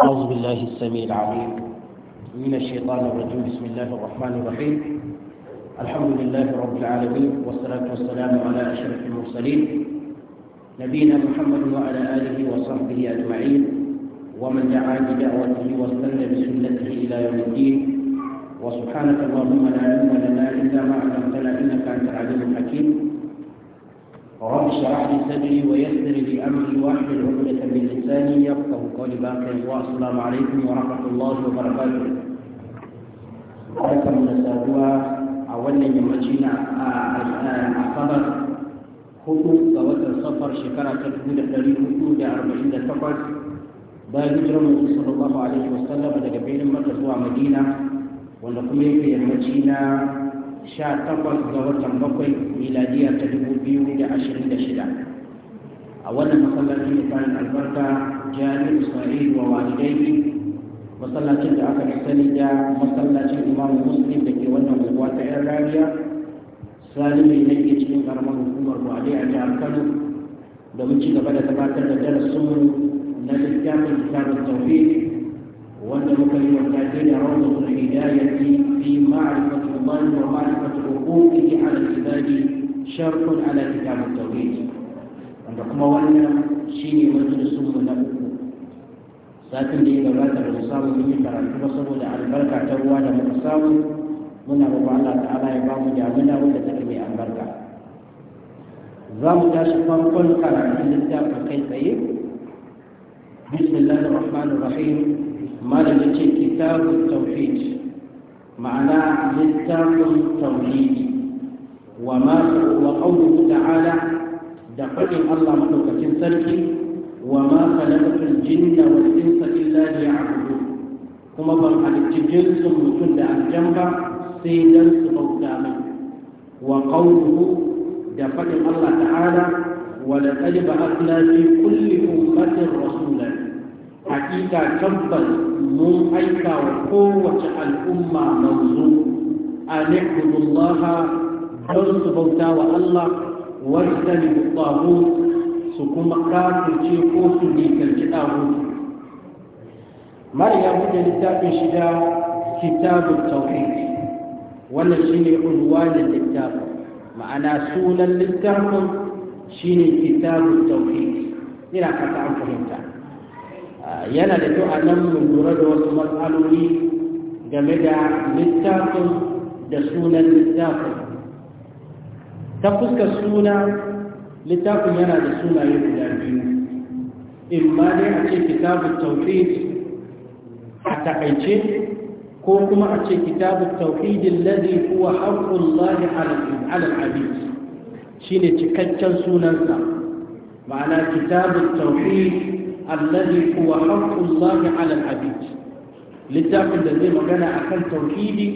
أعوذ بالله السميع العليم من الشيطان الرجيم بسم الله الرحمن الرحيم الحمد لله رب العالمين والصلاة والسلام على أشرف المرسلين نبينا محمد وعلى آله وصحبه أجمعين ومن دعا بدعوته واستنى بسنته إلى يوم الدين وسبحانك اللهم لا علم لنا إلا ما علمتنا إنك أنت العليم الحكيم رب اشرح لي صدري ويسر لي امري واحلل عقدة من لساني يفقه قولي باكر والسلام عليكم ورحمة الله وبركاته. Barkan da saduwa a wannan yammaci na Asabar hudu ga watan safar shekara ta dubu da ɗari hudu da arba'in da takwas bayan hijirar mutum sallallahu alaihi wasallam daga birnin Makka zuwa Madina wanda kuma yake yammaci na sha takwas ga watan bakwai miladiya ta dubu biyu da ashirin da shida a wannan masallacin da kayan albarka jami'in isra'il wa walidai masallacin da aka sani da masallacin imamu muslim da ke wannan unguwa ta yan rariya salimi ne ke cikin karamar hukumar buhari a jihar kano domin ci gaba da gabatar da darasin na littafin kitabun tauhid wanda muka yi wa tafiya da rawar hidayati في معرفة الله ومعرفة حقوقه على العباد شرط على كتاب التوحيد عندكم وانا شيني مجلس من أبوه satin da ya gabata da samu mun yi karatu saboda albarka ta ruwa da muka samu muna roƙon Allah ta'ala ya ba mu damuna wanda take mai albarka za mu tashi farkon karatun littafin kai tsaye malam ma'ana littafin tauhidi wa ma wa qawluhu ta'ala da faɗin Allah madaukakin sarki wa ma khalaqatul jinna wal insa illa liya'budun kuma ban halicci mutum da aljan ba sai dan su bauta min wa da faɗin Allah ta'ala wa laqad kulle fi kulli hakika tabbas mun aika wa kowace al'umma manzo a ni'budullaha don su bauta wa Allah wajen tsaho su kuma kafirce ko su nikarci ɗaho mariya da littafin shida kitabun tauhid wannan shine unwanin littafin ma'ana sunan littafin shine kitabun tauhid ina kasa an fahimta yana da kyau a nan mun lura da wasu matsaloli game da littafin da sunan littafin ta fuskar suna littafin yana da sunaye guda biyu in ma dai a ce kitabun tauhid a takaice ko kuma a ce kitabun tauhidin ladhi huwa haqqullahi ala al Shi shine cikakken sunansa ma'ana kitabun tauhid allazi huwa haqqullahi 'ala al-'abid littafin da zai magana akan tauhidi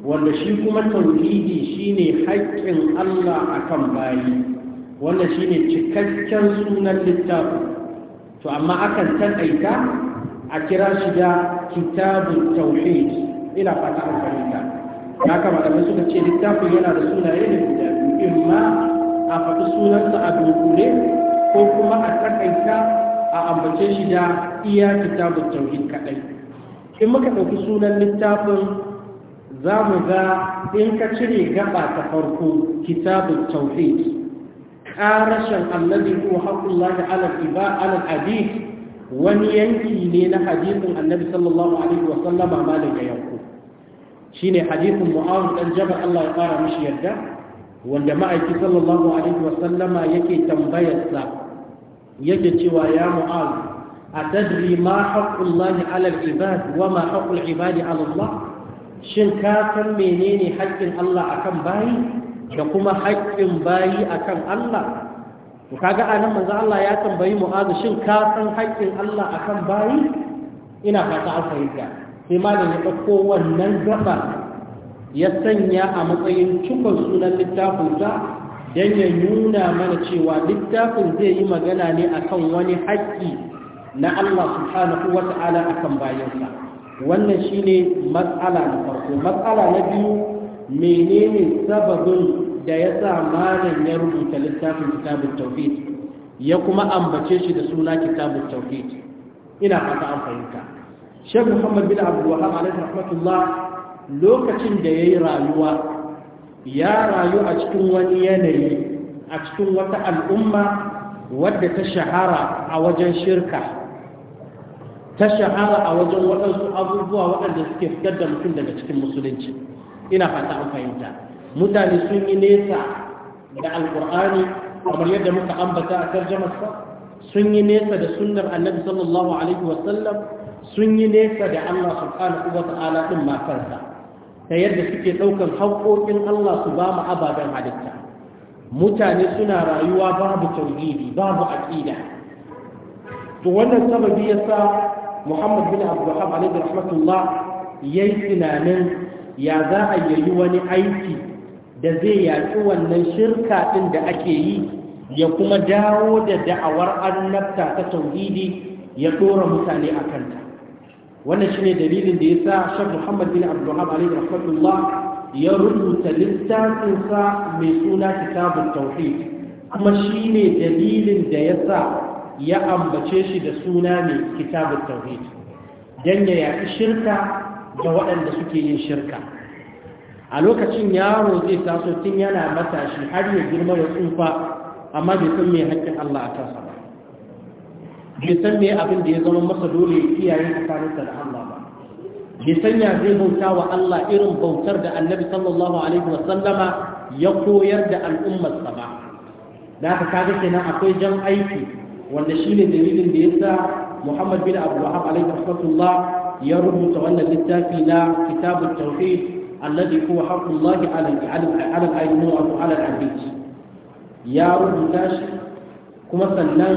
wanda shi kuma tauhidi shine haƙƙin Allah akan bayi wanda shine cikakken sunan littafin to amma akan takaita a kira shi da kitabun tauhid ina fata an fahimta ya ba da suka ce littafin yana da sunaye da guda biyu imma a faɗi sunansa a dunkule ko kuma a takaita a ambace shi da iya kitabun tauhid kadai in muka ɗauki sunan littafin za mu ga in ka cire gaba ta farko kitabun tauhid ƙarashin annabi ko haƙullahi alal iba alal hadith wani yanki ne na hadithin annabi sallallahu alaihi wa sallama ma daga yanku Shi ne hadithin mu'awun dan jabal Allah ya fara mishi yarda wanda ma'aiki sallallahu alaihi wa sallama yake tambayarsa yake cewa ya mu'az a tadri ma haqqullahi 'ala al-ibad wa ma haqqul ibadi 'ala Allah shin ka san menene haƙƙin Allah akan bayi da kuma haƙƙin bayi akan Allah to kaga anan manzo Allah ya tambayi mu'az shin ka san haƙƙin Allah akan bayi ina fata an fahimta sai malam ya ɗauko wannan gaba ya sanya a matsayin cikon sunan littafinsa don ya nuna mana cewa littafin zai yi magana ne akan wani haƙƙi na Allah subhanahu wa ta'ala akan bayansa wannan shine matsala na farko matsala na biyu menene sababin da ya sa malam ya rubuta littafin kitabun tauhid ya kuma ambace shi da suna kitabun tauhid ina fata an fahimta Sheikh Muhammad bin Abdul Wahhab alaihi rahmatullah lokacin da yayi rayuwa ya rayu a cikin wani yanayi a cikin wata al'umma wadda ta shahara a wajen shirka ta shahara a wajen waɗansu abubuwa waɗanda suke fitar da mutum daga cikin musulunci ina fata an fahimta mutane sun yi nesa da alƙur'ani kamar yadda muka ambata a tarjamarsa sun yi nesa da sunnar annabi sallallahu alaihi wasallam sun yi nesa da allah subhanahu wa ta'ala din makarsa ta yadda suke ɗaukar haƙoƙin Allah su ba mu ababen halitta mutane suna rayuwa babu tauhidi babu aqida to wannan sababi yasa Muhammad bin Abdul Wahhab rahmatullah yayi tunanin ya za a yi wani aiki da zai yaƙi wannan shirka ɗin da ake yi ya kuma dawo da da'awar annabta ta tauhidi ya ɗora mutane a kanta wannan shine dalilin da yasa Sheikh Muhammad bin Abdul Wahhab alayhi rahmatullah ya rubuta littafin sa mai suna Kitabut Tauhid kuma shine dalilin da yasa ya ambace shi da suna ne Kitabut Tauhid dan ya yi shirka da waɗanda suke yin shirka a lokacin yaro zai taso tun yana matashi har ya girma ya tsufa amma bai san mai haƙƙin Allah a kansa ba bai san me abin da ya zama masa dole ya kiyaye tsakaninsa da Allah ba bai sanya ya zai bauta wa Allah irin bautar da Annabi sallallahu alaihi wa sallama ya koyar da al'ummarsa ba da haka kaga kenan akwai jan aiki wanda shine dalilin da yasa Muhammad bin Abdul Wahhab alaihi rahmatullah ya rubuta wannan littafi na Kitabut Tauhid الذي هو حق الله على على على العلم وعلى العبيد يا رب تاشر kuma sannan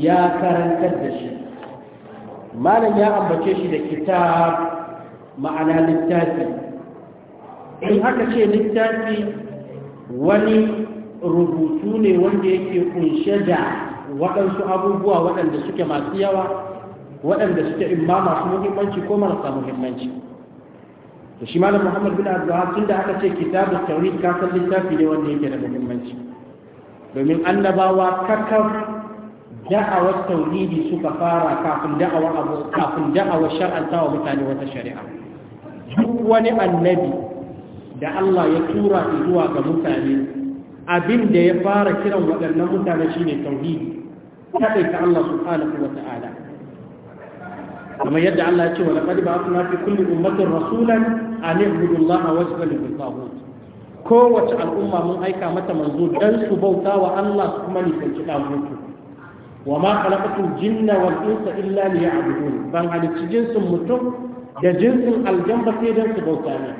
ya karantar da shi malam ya ambace shi da kitab ma'ana littafi in aka ce littafi wani rubutu ne wanda yake kunshe da waɗansu abubuwa waɗanda suke masu yawa waɗanda suke imma masu muhimmanci ko marasa muhimmanci da shi malam Muhammadu bin abdullahi tun da aka ce kitabun tauri kasan littafi ne wanda yake da muhimmanci domin annabawa kakar da'awar tauhidi suka fara kafin da'awar abu kafin da'awar shar'anta wa mutane wata shari'a duk wani annabi da Allah ya tura zuwa ga mutane abin da ya fara kiran waɗannan mutane shine tauhidi kadai ta Allah subhanahu wa ta'ala kamar yadda Allah ya ce wa laqad ba'athna fi kulli ummatin rasulan an ibudu Allah wa tajtanibu at-taghut kowace al'umma mun aika mata manzo dan su bauta wa Allah su kuma nisanci ɗagutu wa ma khalaqatul jinna wal insa illa liya'budun ban halicci jinsin mutum da jinsin aljan sai dan su bauta ne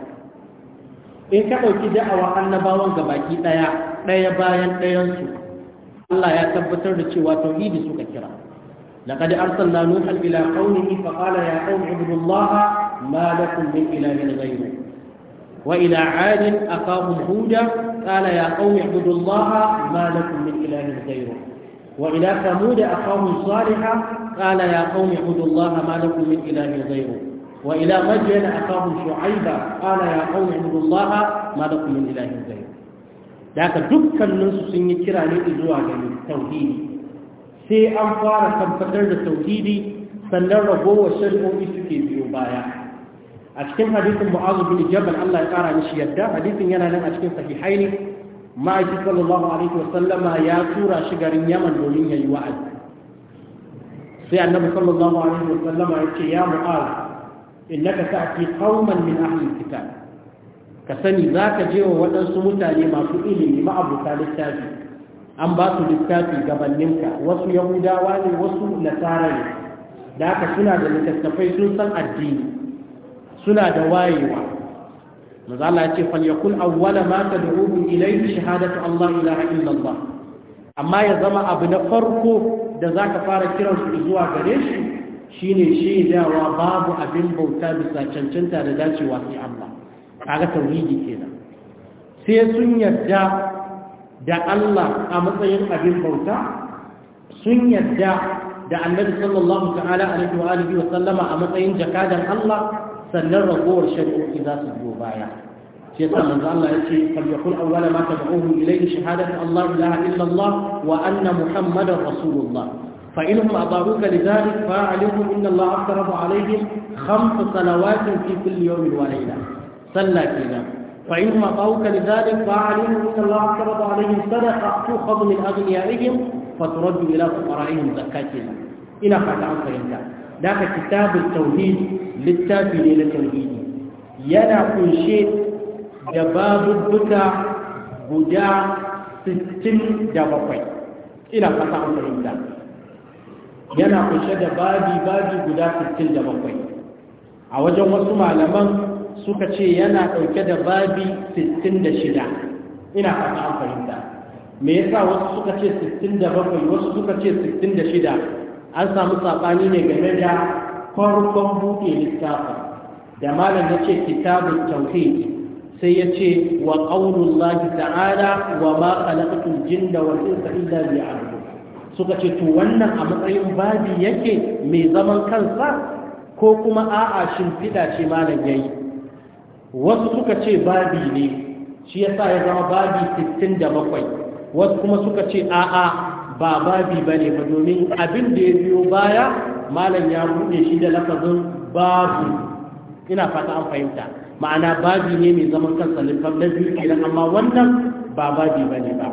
in ka ɗauki da'awa annabawan ga baki ɗaya ɗaya bayan ɗayansu Allah ya tabbatar da cewa tauhidi suka kira لقد أرسلنا نوحا إلى قومه فقال يا قوم اعبدوا الله ما لكم من إله غيره وإلى عاد أخاهم هودا قال يا قوم اعبدوا الله ما لكم من إله غيره وإلى ثمود أخاهم صالحا قال يا قوم اعبدوا الله ما لكم من إله غيره وإلى مدين أخاهم شعيبا قال يا قوم اعبدوا الله ما لكم من إله غيره ذاك dukkaninsu sun yi kira ne zuwa ga tauhidi sai an fara tabbatar da tauhidi sannan ragowar shari'o'i suke biyo baya a cikin hadisin mu'azu bin jabal Allah ya kara mishi yadda hadisin yana nan a cikin sahihaini ma'aiki sallallahu alaihi Sallama, ya tura shi garin yaman domin ya yi wa'azi sai annabi sallallahu alaihi Sallama, ya ce ya mu'az innaka ta'ti qauman min ahli kitab ka sani zaka je wa waɗansu mutane masu ilimi ma'abuta littafi an ba su littafi gabaninka wasu yahudawa ne wasu nasara ne da haka suna da littattafai sun san addini suna da wayewa maza Allah ya ce falyakul awwala ma tad'uhum ilayhi shahadatu Allah ilaha illa Allah amma ya zama abu na farko da zaka fara kiran su zuwa gare shi shine shaidawa babu abin bauta bisa cancanta da dacewa sai Allah kaga tauhidi kenan sai sun yarda da Allah a matsayin abin bauta sun yarda da Annabi sallallahu ta'ala alaihi wa alihi wa sallama a matsayin jakadan Allah sannan ragowar shari'o'i za su biyo baya shi yasa manzo Allah yace fal yakul awwala ma tad'uhu ilayhi shahadatu Allah ilaha illa Allah wa anna Muhammadan rasulullah fa inhum adaruka lidhalik fa alayhim inna Allah aftarahu alayhim khams salawat fi kulli yawm wa layla salla kina fa inhum adaruka lidhalik fa alayhim inna Allah aftarahu alayhim sadaqa tu tukhadhu min aghniyaihim fa turaddu ila إلى zakatina ina إلى فتاة فإنك ذاك كتاب التوحيد littafi ne na tauhidi yana kunshe da babubbuka guda 67 ina fata an fahimta yana kunshe da babi babi guda 67 a wajen wasu malaman suka ce yana ɗauke da babi 66 ina fata an fahimta me yasa wasu suka ce 67 wasu suka ce 66 an samu saɓani ne game da farkon buɗe littafin da malam ya ce kitabun tauhid sai ya ce wa ƙaunullahi ta'ala wa ma khalaqatul jinna wal insa illa suka ce to wannan a matsayin babi yake mai zaman kansa ko kuma a'a shimfiɗa ce malam yayi wasu suka ce babi ne shi yasa ya zama babi 67 wasu kuma suka ce a'a ba babi bane ba domin abin da ya biyo baya malam ya buɗe shi da lafazin babu ina fata an fahimta ma'ana babu ne mai zaman kansa littafin biyu kenan amma wannan ba babi ba ne ba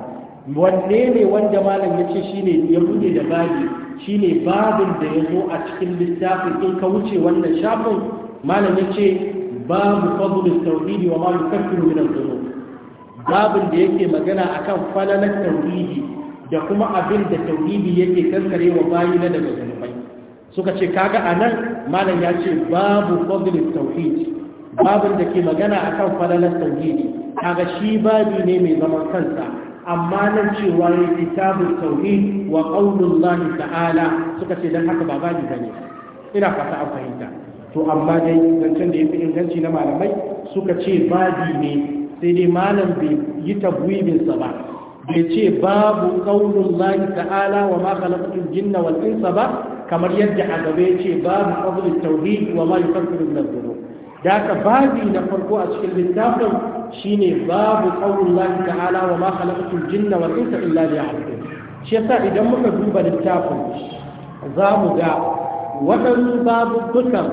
wanne ne wanda malam ya ce shine ya buɗe da shi shine babin da ya zo a cikin littafin in ka wuce wannan shafin malam ya ce babu fadlul tauhidi wa ma kafiru min al babin da yake magana akan falalar tauhidi da kuma abin da tauhidi yake kankare wa bayi na daga zunubai suka ce kaga anan malam ya ce babu fadlul tauhid babin da ke magana akan falalar tauhidi kaga shi babi ne mai zaman kansa amma nan cewa ne kitabul tauhid wa qaulullahi ta'ala suka ce dan haka ba babi bane ina fata an fahimta to amma dai zancen da yafi inganci na malamai suka ce babi ne sai dai malam bai yi tabwibin sa ba bai ce babu qaulullahi ta'ala wa ma khalaqatul jinna wal insa ba kamar yadda a gaba ya ce babu fadlul tauhid wa ma yukaffiru min Da dhunub da haka babi na farko a cikin littafin shine babu qaulul lahi ta'ala wa ma khalaqatul jinna wal insa illa liya'budun shi yasa idan muka duba littafin za mu ga babu dukan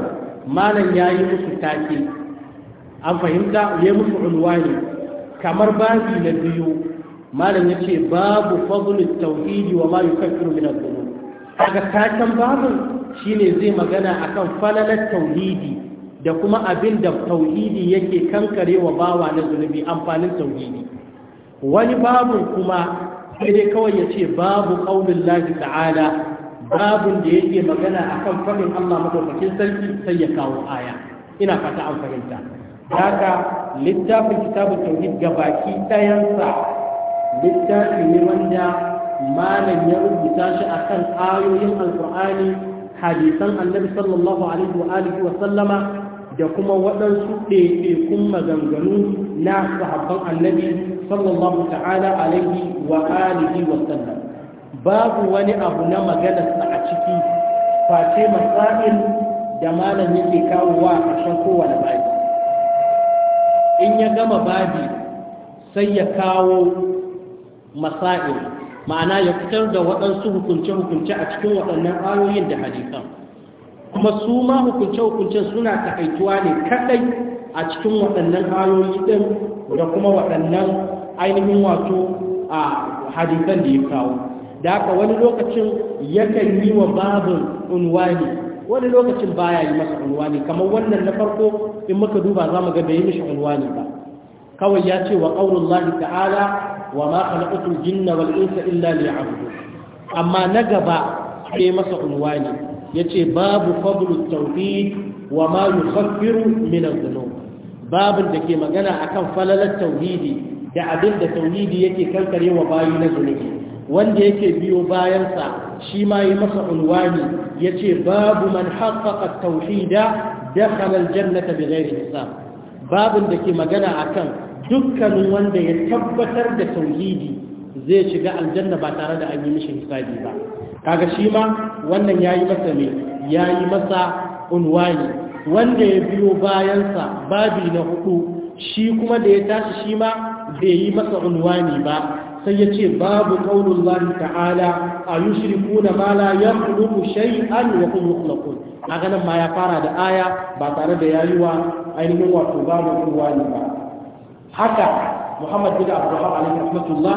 malam ya yi musu take an fahimta ya musu unwani kamar babi na biyu malam ya ce babu fadlul tauhidi wa ma yukaffiru min adh-dhunub kaga taken babin ne zai magana a kan falalar tauhidi da kuma abin da tauhidi yake kankare wa bawa na zunubi amfanin tauhidi wani babin kuma sai dai kawai ya ce babu ƙaunin lafi ta'ala babin da yake magana a kan faɗin Allah maɗaukakin sarki sai ya kawo aya ina fata an fahimta daga littafin kitabun tauhid ga baki ɗayansa littafin ne wanda malam ya rubuta shi akan ayoyin alkur'ani hadisan annabi sallallahu alaihi wa alihi wa sallama da kuma waɗansu ɗaiɗaikun maganganu na sahabban annabi sallallahu ta'ala alaihi wa alihi wa sallam babu wani abu na maganarsa a ciki face masail da malam yake kawo wa ƙarshen kowane babi in ya gama babi sai ya kawo masail ma'ana ya fitar da waɗansu hukunce-hukunce a cikin waɗannan ayoyin da hadisan kuma su ma hukunce hukunce suna takaituwa ne kaɗai a cikin waɗannan ayoyi ɗin da kuma waɗannan ainihin wato a hadisan da ya kawo da aka wani lokacin yakan yi wa babin unwani wani lokacin baya yi masa unwani kamar wannan na farko in muka duba za mu ga bai yi mishi unwani ba kawai ya ce wa ƙaunin ta'ala wa ma khalaqatul jinna wal insa illa liya'budun amma na gaba sai masa unwani yace babu fadlut tawhid wa ma yukhaffiru min adh-dhunub babin da ke magana akan falalar tauhidi da abin da tauhidi yake kankare wa bayi na zunubi wanda yake biyo bayansa shi ma yi masa unwani yace babu man haqqaqa tauhida dakhala al-jannata bighayri hisab babin da ke magana akan dukkanin wanda ya tabbatar da tauhidi zai shiga aljanna ba tare da an yi mishi hisabi ba kaga shi ma wannan yayi masa ne yayi masa unwani wanda ya biyo bayansa babi na hudu shi kuma da ya tashi shi ma bai yi masa unwani ba sai ya ce babu kaunin lari ta'ala a yi shirku na mala ya kulubu shay'an wa kun a ganin ma ya fara da aya ba tare da yayuwa wa ainihin wato babu unwani ba haka muhammad bin Abdullahi alaihi rahmatullah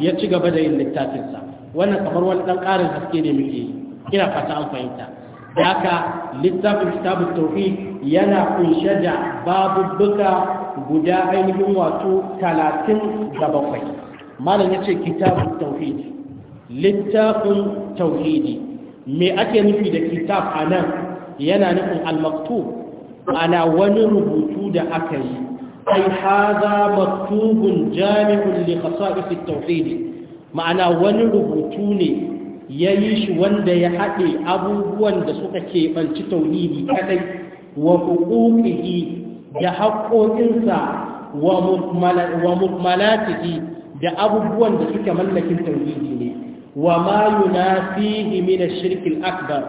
ya ci gaba da yin littafinsa wannan kamar wani dan karin haske ne muke yi ina fata an fahimta haka littafin kitabut tauhid yana kunshe da babubbuka guda ainihin wato talatin da bakwai malam ya ce littafin tauhidi me ake nufi da kitab a nan yana nufin almaktub ana wani rubutu da aka yi ai haza maktubun jami'un li khasa'is at-tauhid ma'ana wani rubutu ne yayi shi wanda ya haɗe abubuwan da suka keɓanci tauhidi kadai wa huquqihi da haƙoƙinsa wa mukmalatihi da abubuwan da suke mallakin tauhidi ne wa ma yunafihi min ash-shirk al-akbar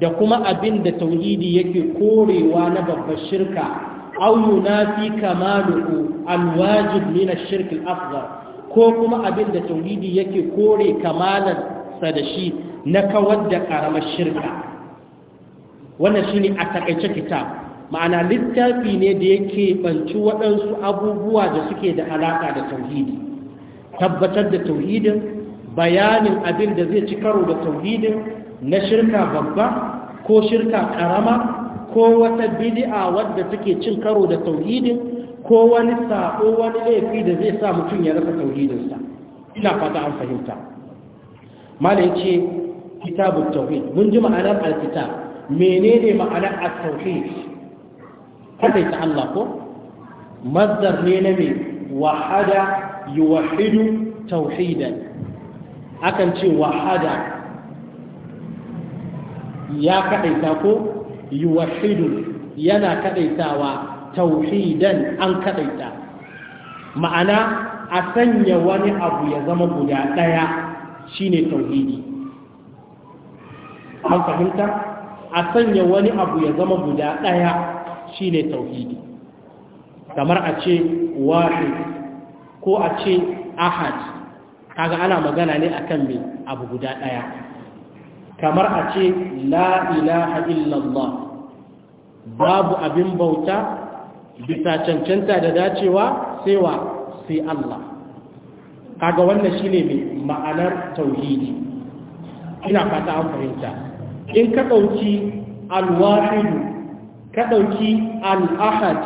da kuma abin da tauhidi yake korewa na babbar shirka aw yunafi kamaluhu alwajib min ash-shirk al ko kuma abin da tauhidi yake kore kamalan sa da shi na kawar da karamar shirka wannan shine a takaice kitab ma'ana littafi ne da yake banci waɗansu abubuwa da suke da alaka da tauhidi tabbatar da tauhidin bayanin abin da zai ci karo da tauhidin na shirka babba ko shirka karama ko wata bidi'a wadda take cin karo da tauhidin ko wani sako wani laifi da zai sa mutum ya rasa tauhidinsa ina fata an fahimta malai ce kitabut tauhid mun ji ma'anar alkitab menene ma'anar at-tauhid kada ta Allah ko mazdar ne na me wahada yuwahidu tauhidan akan ce wahada ya kadaita ko yuwahidu yana kadaitawa tauhidan an kadaita ma'ana a sanya wani abu ya zama guda daya shine tauhidi an fahimta a sanya wani abu ya zama guda daya shine tauhidi kamar a ce wahid ko a ce ahad kaga ana magana ne akan me abu guda daya kamar a ce la ilaha illallah babu abin bauta bisa cancanta da dacewa sai sai Allah kaga wannan shine mai ma'anar tauhidi ina fata an fahimta in ka ɗauki al-wahid ka ɗauki al-ahad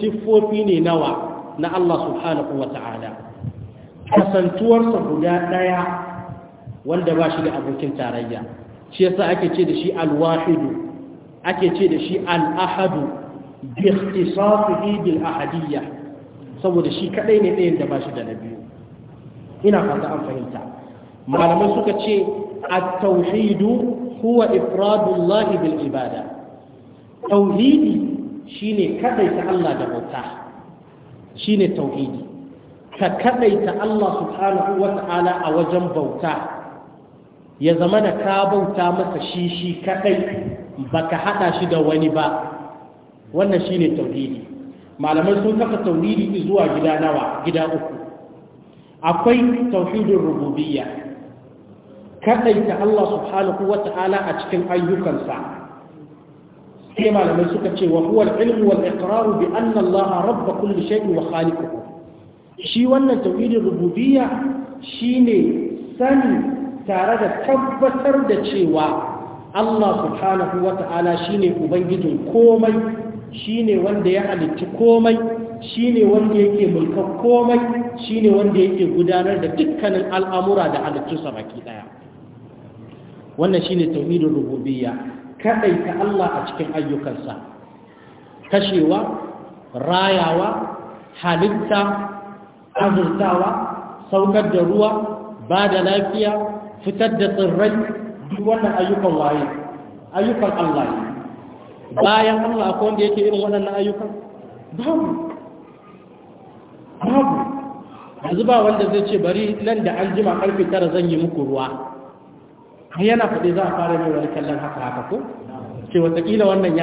siffofi ne nawa na Allah subhanahu wata'ala kasantuwarsa guda ɗaya wanda ba shi da abokin tarayya shi yasa ake ce da shi alwahidu ake ce da shi al'ahadu bi ikhtisasihi bil ahadiyya saboda shi kadai ne ɗayan da ba shi da na biyu ina fata an fahimta malamai suka ce at-tauhidu huwa ifradullahi bil ibada tauhidi shine kadaita Allah da bauta shine tauhidi ka kadaita Allah subhanahu wata'ala a wajen bauta ya zama da ka bauta masa shi shi kadai baka hada shi da wani ba wannan shine tauhidi malamai sun kafa tauhidi zuwa gida nawa gida uku akwai tauhidin rububiyya kaɗaita Allah subhanahu wata'ala a cikin ayyukansa sai malamai suka ce wa huwa al-ilmu wal iqraru bi anna Allah rabb kulli shay'in wa khaliquhu shi wannan tauhidin rububiyya shine sani tare da tabbatar da cewa Allah subhanahu wa ta'ala Ubangijin komai shine wanda ya halitta komai shine wanda yake mulka komai shine wanda yake gudanar da dukkanin al'amura da halittunsa baki daya, wannan shine ne rububiyya ya kaɗaita Allah a cikin ayyukansa kashewa rayawa halitta azurtawa saukar da ruwa ba da lafiya fitar da tsirrai duk wannan ayyukan waye ayyukan Allah bayan Allah akwai wanda yake irin waɗannan ayyukan babu babu yanzu ba wanda zai ce bari nan da an jima karfe tara zan yi muku ruwa yana faɗi za a fara mai wani kallon haka haka ko ce watakila wannan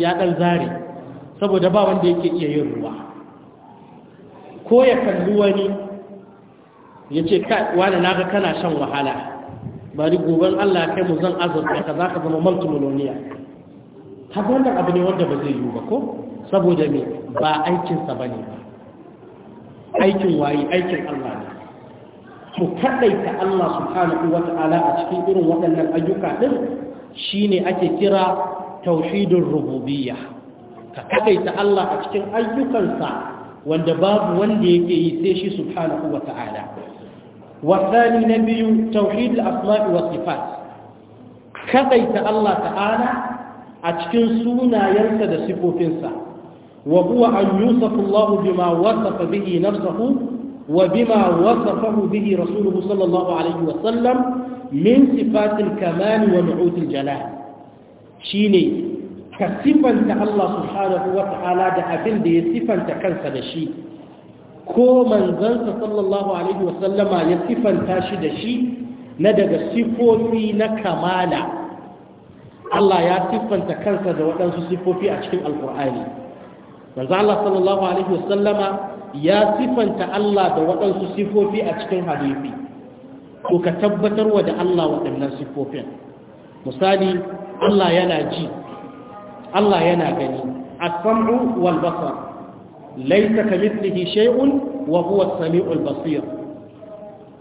ya ɗan zare saboda ba wanda yake iya yin ruwa ko ya kalli wani ya ce kai na ga kana shan wahala bari goben Allah kai mu zan azurta ka za ka zama multimiloniya har wannan abu ne wanda ba zai yiwu ba ko saboda me ba aikinsa ba ne ba aikin waye aikin Allah ne mu kaɗaita Allah subhanahu wa ta'ala a cikin irin waɗannan ayyuka ɗin shine ake kira tauhidin Rububiya. ka kaɗaita Allah a cikin ayyukansa wanda babu wanda yake yi sai shi subhanahu wa ta'ala والثاني نبي توحيد الأسماء والصفات كذيت الله تعالى أتكن سونا ينسى صفو تنسى وهو أن يوصف الله بما وصف به نفسه وبما وصفه به رسوله صلى الله عليه وسلم من صفات الكمال ونعوت الجلال شيني كصفة الله سبحانه وتعالى ده أبن ده صفة كنسى ده شيء ko manzansa sallallahu alaihi wasallama ya sifanta shi da shi na daga sifofi na kamala Allah ya siffanta kansa da waɗansu sifofi a cikin alkur'ani manzo Allah sallallahu alaihi wasallama ya siffanta Allah da waɗansu sifofi a cikin hadisi Ko ka tabbatar wa da Allah waɗannan sifofin? misali Allah yana ji Allah yana gani as-sam'u wal basar laisa kamithlihi shay'un wa huwa as-sami'ul basir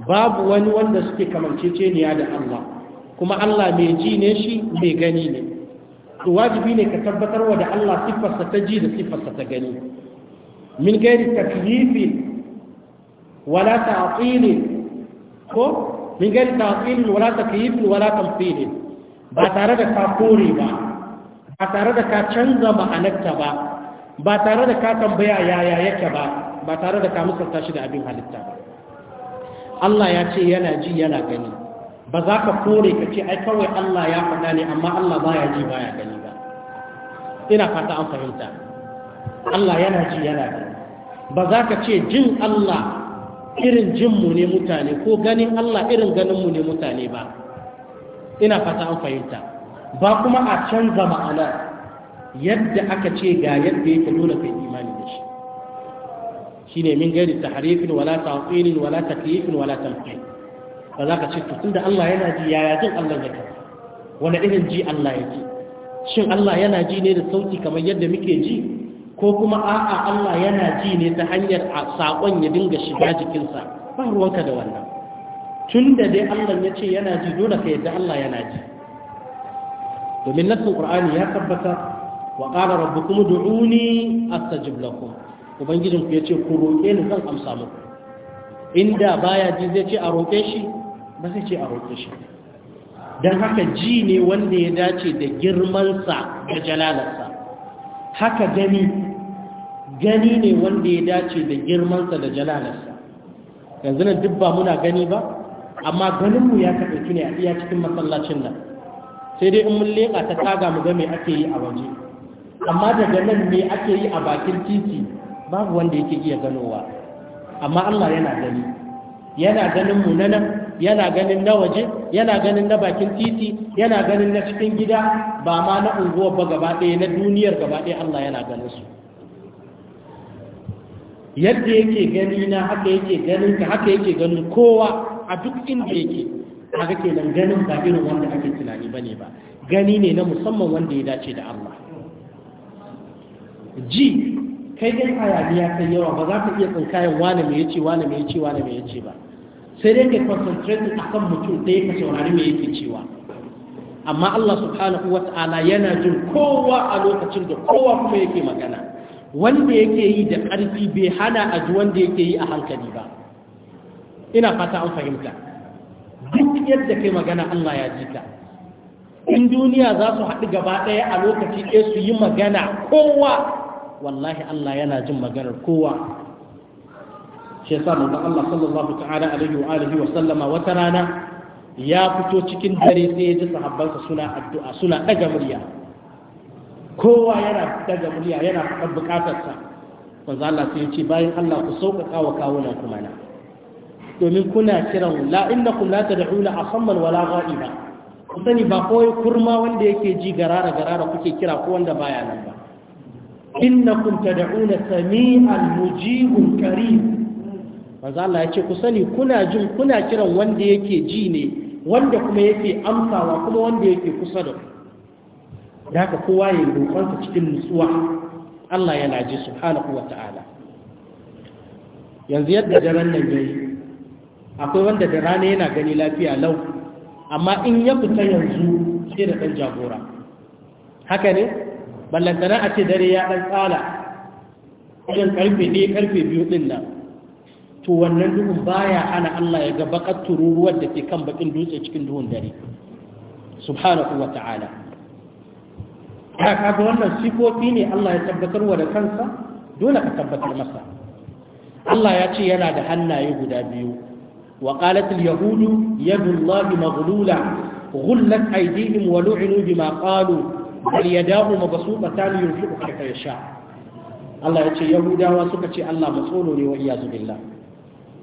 babu wani wanda suke kamanceceniya da Allah kuma Allah mai ji ne shi mai gani ne to wajibi ne ka tabbatarwa da Allah siffarsa ta ji da siffarsa ta gani min gairi taklifi wala ta'til ko min gairi ta'til wala takyif wala tamthil ba tare da ka kore ba ba tare da ka canza ma'anarta ba ba tare da ka tambaya yaya yake ba ba tare da ka misalta shi da abin halitta ba Allah ya ce yana ji yana gani ba za ka kore ka ce ai kawai Allah ya faɗa ne amma Allah baya ji baya gani ba ina fata an fahimta Allah yana ji yana gani ba za ka ce jin Allah irin jinmu ne mutane ko ganin Allah irin ganinmu ne mutane ba ina fata an fahimta ba kuma a canza ma'anar yadda aka ce ga yadda yake dole kai imani da shi shine min gairi tahrifin wala ta'tilin wala takyifin wala talqin ba za ka ce to tunda Allah yana ji yaya jin Allah yake wani irin ji Allah yake shin Allah yana ji ne da sauti kamar yadda muke ji ko kuma a'a Allah yana ji ne ta hanyar sakon ya dinga shiga jikinsa ba ruwanka da wannan tunda dai Allah ya ce yana ji dole ka yadda Allah yana ji domin nassin Qur'ani ya tabbata wa qala rabbukum du'uni astajib lakum ubangijin ku yace ku roke ni zan amsa muku inda baya ji zai ce a roke shi ba zai ce a roke shi dan haka ji ne wanda ya dace da girman sa da jalalarsa haka gani gani ne wanda ya dace da girman sa da jalalarsa yanzu nan duk ba muna gani ba amma ganinmu ya taɓa ne a iya cikin masallacin nan sai dai in mun leƙa ta taga mu ga me ake yi a waje amma daga nan ne ake yi a bakin titi babu wanda yake iya ganowa amma Allah yana gani yana ganin mu nan yana ganin na waje yana ganin na bakin titi yana ganin na cikin gida ba ma na unguwar ba gaba ɗaya na duniyar gaba ɗaya Allah yana ganin su yadda yake gani na haka yake ganin ka haka yake ganin kowa a duk inda yake haka kenan ganin ba irin wanda ake tunani bane ba gani ne na musamman wanda ya dace da Allah ji kai dai hayaniya kan yawa ba za ka iya tsinkayen wane mai yace wane mai yace wane mai yace ba sai dai concentrate a akan mutum ɗaya ka saurari mai yake cewa amma Allah subhanahu wata'ala yana jin kowa a lokacin da kowa kuma yake magana wanda yake yi da ƙarfi bai hana a ji wanda yake yi a hankali ba ina fata an fahimta duk yadda kai magana Allah ya ji ka in duniya za su haɗu gaba ɗaya a lokaci ɗaya su yi magana kowa wallahi Allah yana jin maganar kowa shi yasa manzon Allah sallallahu ta'ala alaihi wa alihi wa sallama wata rana ya fito cikin dare sai ya ji sahabbansa suna addu'a suna daga murya kowa yana daga murya yana faɗar bukatarsa manzo Allah sai ya ce bayan Allah ku sauƙaƙa wa kawunan ku mana domin kuna kiran la innakum la tad'una asamman wala ghaiba ku sani ba kawai kurma wanda yake ji garara garara kuke kira ko wanda baya nan ba innakum tad'una sami'an mujibun karim manzo Allah yace ku sani kuna jin kuna kiran wanda yake ji ne wanda kuma yake amsawa kuma wanda yake kusa da ku haka kowa ya roƙon cikin nutsuwa Allah yana ji subhanahu wata'ala yanzu yadda daren nan yayi akwai wanda da rana yana gani lafiya lau amma in ya fita yanzu sai da dan jagora haka ne ballantana a ce dare ya ɗan tsala irin karfe ɗaya karfe biyu ɗin nan to wannan duhun baya hana Allah ya ga bakar tururuwar da ke kan bakin dutse cikin duhun dare subhanahu wa ta'ala ya kaga wannan sifofi ne Allah ya tabbatar wa da kansa dole ka tabbatar masa Allah ya ce yana da hannaye guda biyu wa qalat al yahudu yadu Allah maghlula ghullat aydihim wa lu'inu bima qalu bal yadahu mabsuṭatan ka ya yasha Allah ya ce Yahudawa suka ce Allah matsolo ne wa iyazu billah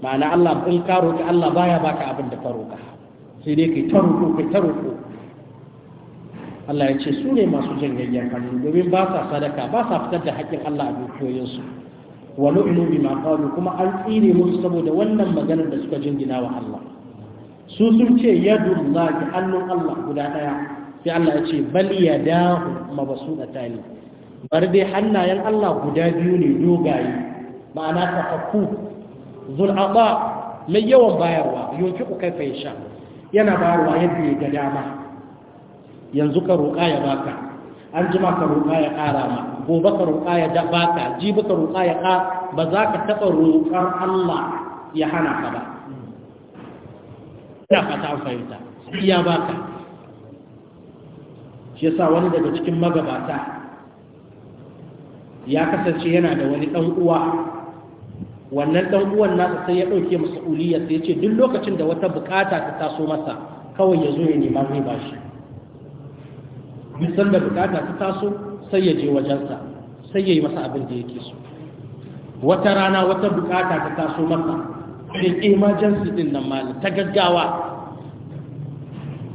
ma'ana Allah in ka roƙi Allah baya baka abin da ka roƙa sai dai kai ta roƙo kai ta roƙo Allah ya ce su ne masu janyayyen hannu domin ba sa sadaka ba sa fitar da haƙƙin Allah a dukiyoyinsu wa lu'inu bima qalu kuma an tsire musu saboda wannan maganar da suka jingina wa Allah su sun ce yadullahi hannun Allah guda ɗaya sai Allah ya ce bal yadahu mabsuutatan bar dai hannayen Allah guda biyu ne dogaye ma'ana tafakku zul aba mai yawan bayarwa yunfi ku kai faisha yana bayarwa yadda ya ga dama yanzu ka roƙa ya baka an jima ka roƙa ya ƙara ma gobe ka roƙa ya da baka jibi ka roƙa ya ƙa ba za ka taɓa roƙar Allah ya hana ka ba ina fata an fahimta iya baka shi yasa wani daga cikin magabata ya kasance yana da wani ɗan uwa wannan ɗan uwan nasa sai ya ɗauke uliya sai ya ce duk lokacin da wata bukata ta taso masa kawai ya zo ya nema mai bashi duk sanda bukata ta taso sai ya je wajensa sai ya yi masa abin da yake so wata rana wata bukata ta taso masa sai emergency din nan ta gaggawa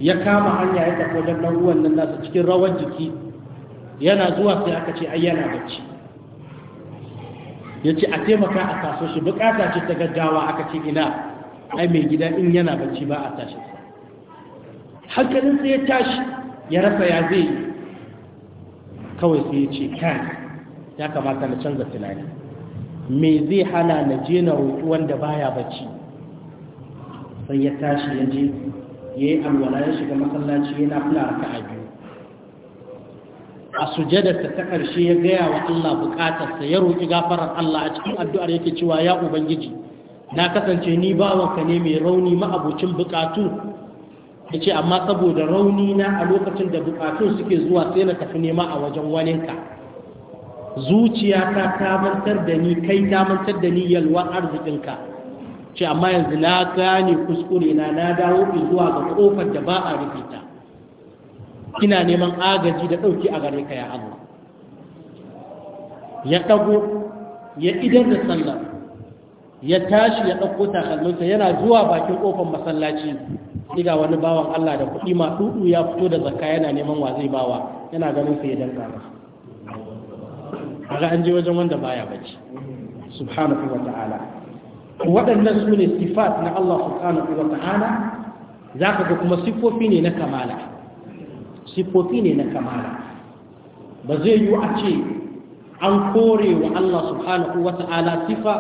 ya kama hanya ya tafi wajen nan ruwan nan nasa cikin rawar jiki yana zuwa sai aka ce ai yana bacci ya ce a taimaka a taso shi bukata ce ta gaggawa aka ce ina ai mai gida in yana bacci ba a tashi hankalin sai ya tashi ya rasa ya zai kawai sai ya ce kai ya kamata na canza tunani me zai hana na je na roƙi wanda baya bacci sai ya tashi ya je ya yi alwala ya shiga masallaci yana fula raka a biyu a sujadarsa ta ƙarshe ya gaya wa Allah buƙatarsa ya roƙi gafarar Allah a cikin addu'ar yake cewa ya ubangiji na kasance ni bawanka ne mai rauni ma'abucin buƙatu ya ce amma saboda rauni na a lokacin da buƙatun suke zuwa sai na tafi nema a wajen waninka zuciya ta tamantar da ni kai tamantar da ni yalwar arzikinka ce amma yanzu na gane kuskure na na dawo zuwa ga kofar da ba a rufe ta ina neman agaji da ɗauki a gare ka ya Allah ya ɗago ya idan da sallar ya tashi ya ɗauko takalminsa yana zuwa bakin kofar masallaci diga wani bawan Allah da kuɗi ma ɗuɗu ya fito da zakka yana neman wa zai bawa yana ganin sai ya danka masa kaga an je wajen wanda baya bacci subhanahu wa ta'ala waɗannan su ne sifat na Allah subhanahu wa ta'ala za ka ga kuma siffofi ne na kamala siffofi ne na kamala ba zai yi a ce an kore wa Allah subhanahu wa ta'ala sifa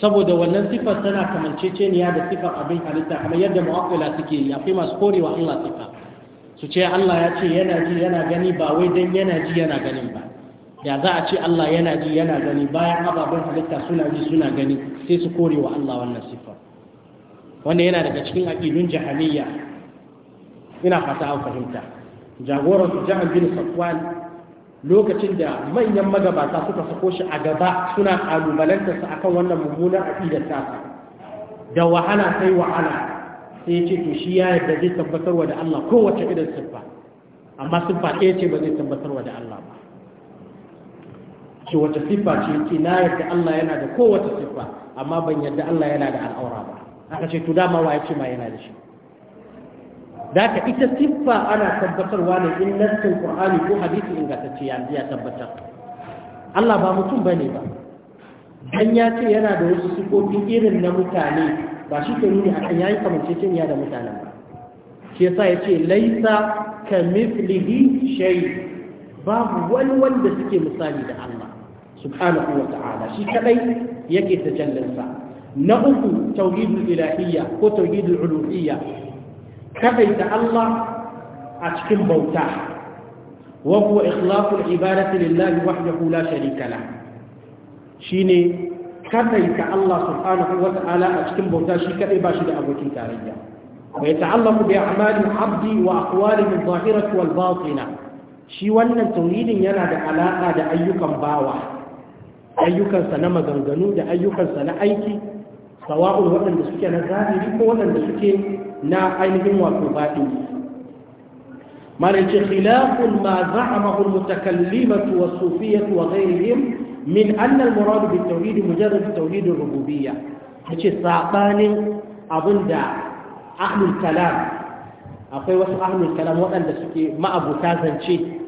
saboda wannan sifar tana kamanceceniya da sifar abin halitta kamar yadda mu'akwila suke yi akwai masu korewa Allah sifa su ce Allah ya ce yana ji yana gani ba wai don yana ji yana ganin ba da za a ce Allah yana ji yana gani bayan ababen halitta suna ji suna gani sai su kore wa Allah wannan siffa wanda yana daga cikin aqidun jahamiyya ina fata an fahimta jagoran su jahan bin safwan lokacin da manyan magabata suka sako shi a gaba suna kalubalantar sa akan wannan mummunar aqidar ta da wahala sai wahala sai ya ce to shi ya yarda zai wa da Allah kowace irin siffa amma siffa ɗaya ce ba zai tabbatarwa da Allah ba ce wata siffa ce ce na yadda Allah yana da kowace siffa amma ban yadda Allah yana da al'aura ba aka ce to dama wa ya ce ma yana da shi da ka ita siffa ana tabbatarwa ne in nassin qur'ani ko hadisi ingantacce ya ya tabbatar Allah ba mutum bane ba dan ya ce yana da wasu sifofi irin na mutane ba shi ke nuni akan yayi kamanceceniya da mutanen ba shi yasa ce laisa kamithlihi shay babu wani wanda suke misali da Allah subhanahu wa ta'ala shi kadai yake tajallinsa na uku tauhidul ilahiyya ko tauhidul uluhiyya ta Allah a cikin bauta wa huwa ikhlasul ibadati lillahi wahdahu la sharika la shine ta Allah subhanahu wa ta'ala a cikin bauta shi kadai ba shi da abokin tarayya wa yata'allaqu bi a'malil 'abdi wa aqwalihi adh-dhahirati wal batinah shi wannan tauhidin yana da alaƙa da ayyukan bawa ayyukansa na maganganu da ayyukansa na aiki sawa'un waɗanda suke na zahiri ko waɗanda suke na ainihin wato baɗi marace khilafun ma a al-mutakallimatu wa sufiyatu wa ghayrihim min anna muradu murad bi tawhid mujarrad tawhid ar-rububiyyah yace sabanin abinda ahlul kalam akwai wasu ahlul kalam waɗanda suke ma'abuta zance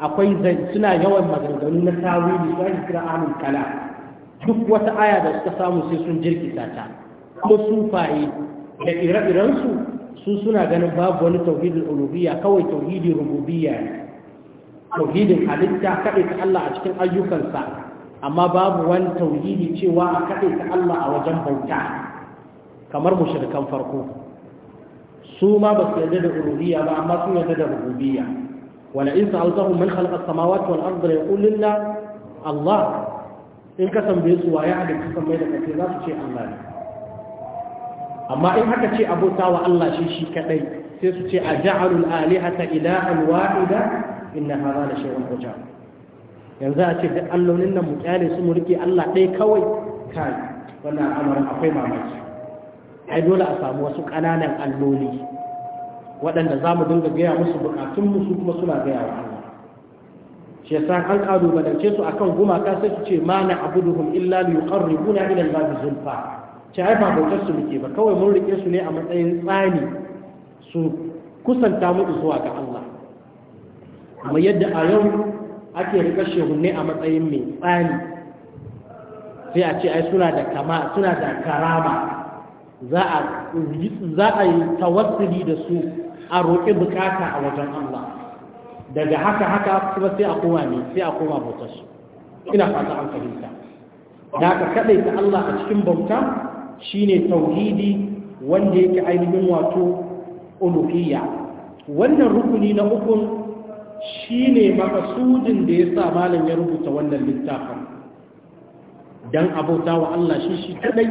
akwai suna yawan maganganu na tawili su ake kira duk wata aya da suka samu sai sun jirkita ta kuma sufaye da ire-irensu su suna ganin babu wani tauhidin uluhiyya kawai tauhidin rububiya ne tauhidin halitta kaɗaita Allah a cikin ayyukansa amma babu wani tauhidi cewa a kaɗaita Allah a wajen bauta kamar mushrikan farko su ma ba su yarda da uluhiyya ba amma sun yarda da rububiya. ولئن سألتهم من خلق السماوات والأرض ليقول الله الله إن كسم بيسوا يعني كسم بيسوا كثيرا شيء الله أما إن هكا شيء أبو تاوى الله شيء شيء كتي سيسوا شيء أجعل الآلهة إلها واحدة إن هذا لشيء عجاب yanzu a ce duk allonin nan mu kyale su mu rike Allah ɗaya kawai kai wannan al'amarin akwai mamaki ai dole a samu wasu ƙananan alloli waɗanda za mu dinga gaya musu bukatun musu kuma suna gaya wa Allah shi yasa an kalubalance su akan gumaka sai su ce ma na abuduhum illa li yuqarribuna ila al-babi zulfa ce ai ba bautar su muke ba kawai mun rike su ne a matsayin tsani su kusanta mu zuwa ga Allah amma yadda a yau ake rika ne a matsayin mai tsani sai a ce ai suna da kama suna da karama za a yi tawassuli da su a roƙi bukata a wajen Allah daga haka haka kuma sai a koma ne sai a koma bautar su ina fata an fahimta da ka kaɗai ta Allah a cikin bauta shine tauhidi wanda yake ainihin wato uluhiyya wannan rukuni na ukun shine makasudin da ya sa malam ya rubuta wannan littafin dan abota wa Allah shi shi kaɗai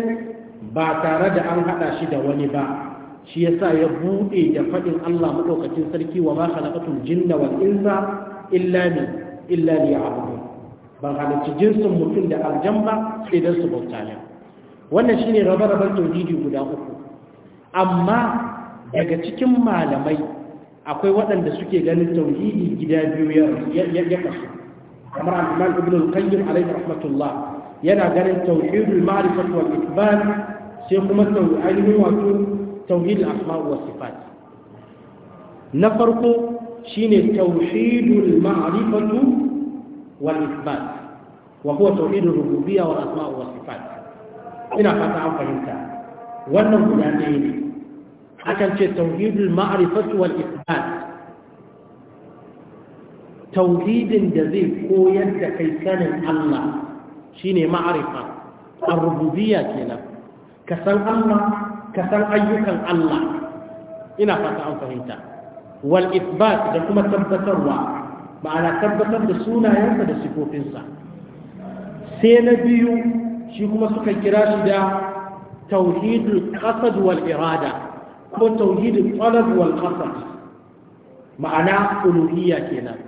ba tare da an haɗa shi da wani ba shi yasa ya bude da fadin Allah maɗaukacin sarki wa ma khalaqatul jinna wal insa illa li illa ban halarci jinsin mutum da aljan ba sai don su bauta ne wannan shine rabar-rabar tauhidi guda uku amma daga cikin malamai akwai waɗanda suke ganin tauhidi gida biyu ya kasu kamar al Ibn al-Qayyim alayhi rahmatullah yana ganin tauhidul marifatu wal ikbal sai kuma tauhidul wato tauhid al-asma na farko shine tauhidul ma'rifatu wal isbat wa huwa tauhidur rububiyya wal asma ina fata an fahimta wannan guda ɗaya akan ce tauhidul ma'rifatu wal isbat tauhidin da zai koyar da kai Allah shine ma'arifa a Rububiya kenan kasan Allah ka san ayyukan Allah ina fata an fahimta wal isbat da kuma tabbatarwa ma'ana tabbatar da sunayensa da sifofinsa sai na biyu shi kuma suka kira shi da tauhidul qasad wal irada ko tauhidul talab wal qasad ma'ana uluhiyya kenan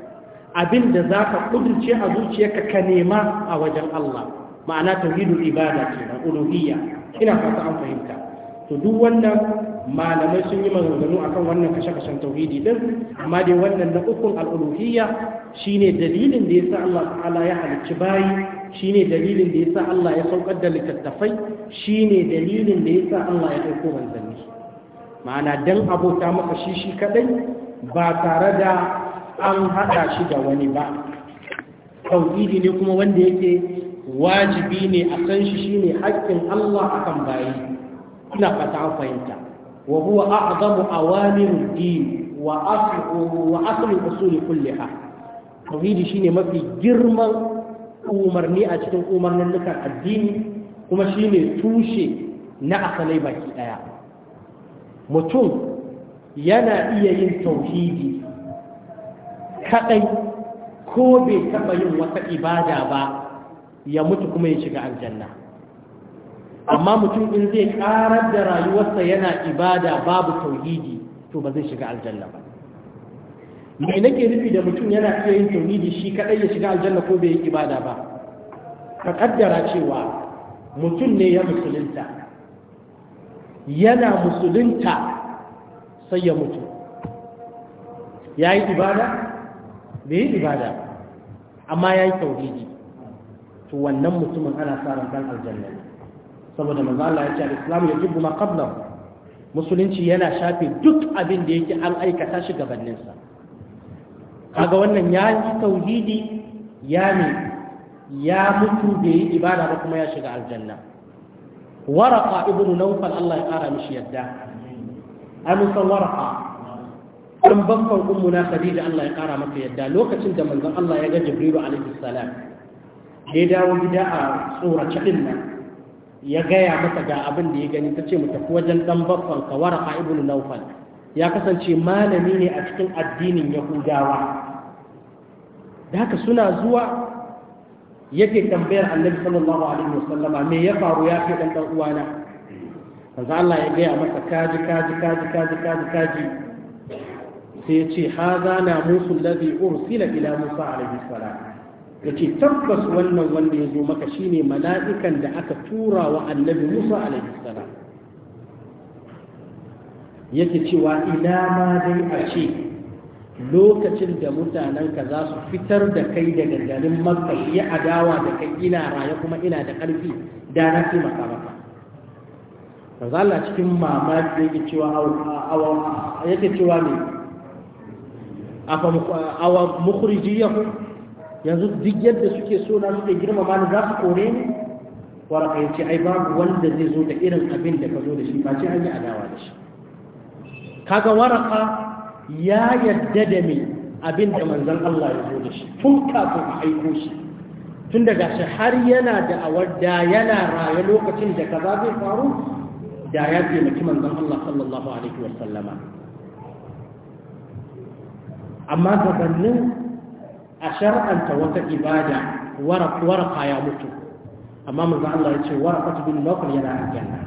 abin da zaka kudurce a zuciyarka ka nema a wajen Allah ma'ana tauhidul ibada kenan uluhiyya ina fata an fahimta to duk wannan malamai sun yi maganganu akan wannan kashe-kashen tauhidi din amma dai wannan na ukun al'uluhiyya shine dalilin da yasa Allah ta'ala ya halicci bayi shine dalilin da yasa Allah ya saukar da littattafai shine dalilin da yasa Allah ya dauko manzanni ma'ana dan abota maka shi shi kadai ba tare da an hada shi da wani ba tauhidi ne kuma wanda yake wajibi ne a san shi shine haƙƙin Allah akan bayi ina fata an fahimta wa huwa a'zamu awamirud din wa aslu wa aslu usuli kulliha tauhidi shine mafi girman umarni a cikin umarnin dukan addini kuma shine tushe na asalai baki daya mutum yana iya yin tauhidi kadai ko bai taba yin wata ibada ba ya mutu kuma ya shiga aljanna amma mutum in zai karar da rayuwarsa yana ibada babu tauhidi to ba zai shiga aljanna ba me nake nufi da mutum yana iya yin tauhidi shi kadai ya shiga aljanna ko bai yi ibada ba ka kaddara cewa mutum ne ya musulunta yana musulunta sai ya mutu ya yi ibada bai yi ibada amma ya yi tauhidi to wannan mutumin ana sa ran aljanna ne saboda manzo Allah ya ce al-islam musulunci yana shafe duk abin da yake an aikata shi gabaninsa. sa kaga wannan ya yi tauhidi ya ne ya mutu da yi ibada ba kuma ya shiga aljanna waraka ibnu nawfal Allah ya kara mishi yadda an san waraka dan babban ummuna khadija Allah ya kara maka yadda lokacin da manzon Allah ya ga jibril alaihi salam ya dawo gida a tsoraci din nan ya gaya masa ga abin da ya gani ta ce mu tafi wajen dan baffan kawara waraka ibnu ya kasance malami ne a cikin addinin yahudawa da haka suna zuwa yake tambayar annabi sallallahu alaihi wasallama me ya faru ya fi dan dan uwana manzo Allah ya gaya masa kaji kaji kaji kaji kaji kaji sai ya ce hadha na musu alladhi ursila ila musa alaihi salam yace tabbas wannan wanda ya zo maka shine mala'ikan da aka tura wa annabi Musa alaihi salam yake cewa ina ma dai a ce lokacin da mutanenka za su fitar da kai daga garin makka ya adawa da kai ina raye kuma ina da ƙarfi da na taimaka maka manzo Allah cikin mamaki yake cewa awa yake cewa ne a awa mukhrijiyahu yanzu duk yadda suke so na suke girmama ni za su kore ni waraka yace ai babu wanda zai zo da irin abin da ka zo da shi ba ce an yi adawa da shi kaga waraka ya yadda da mai abin da manzon Allah ya zo da shi tun kafin a aiko shi tun daga shi har yana da da yana raye lokacin da kaza zai faru da ya taimaki manzon Allah sallallahu alaihi wasallama amma gabanin a shar'anta wata ibada waraka ya mutu amma manzo Allah ya ce waraqatu bin lokal yana aljanna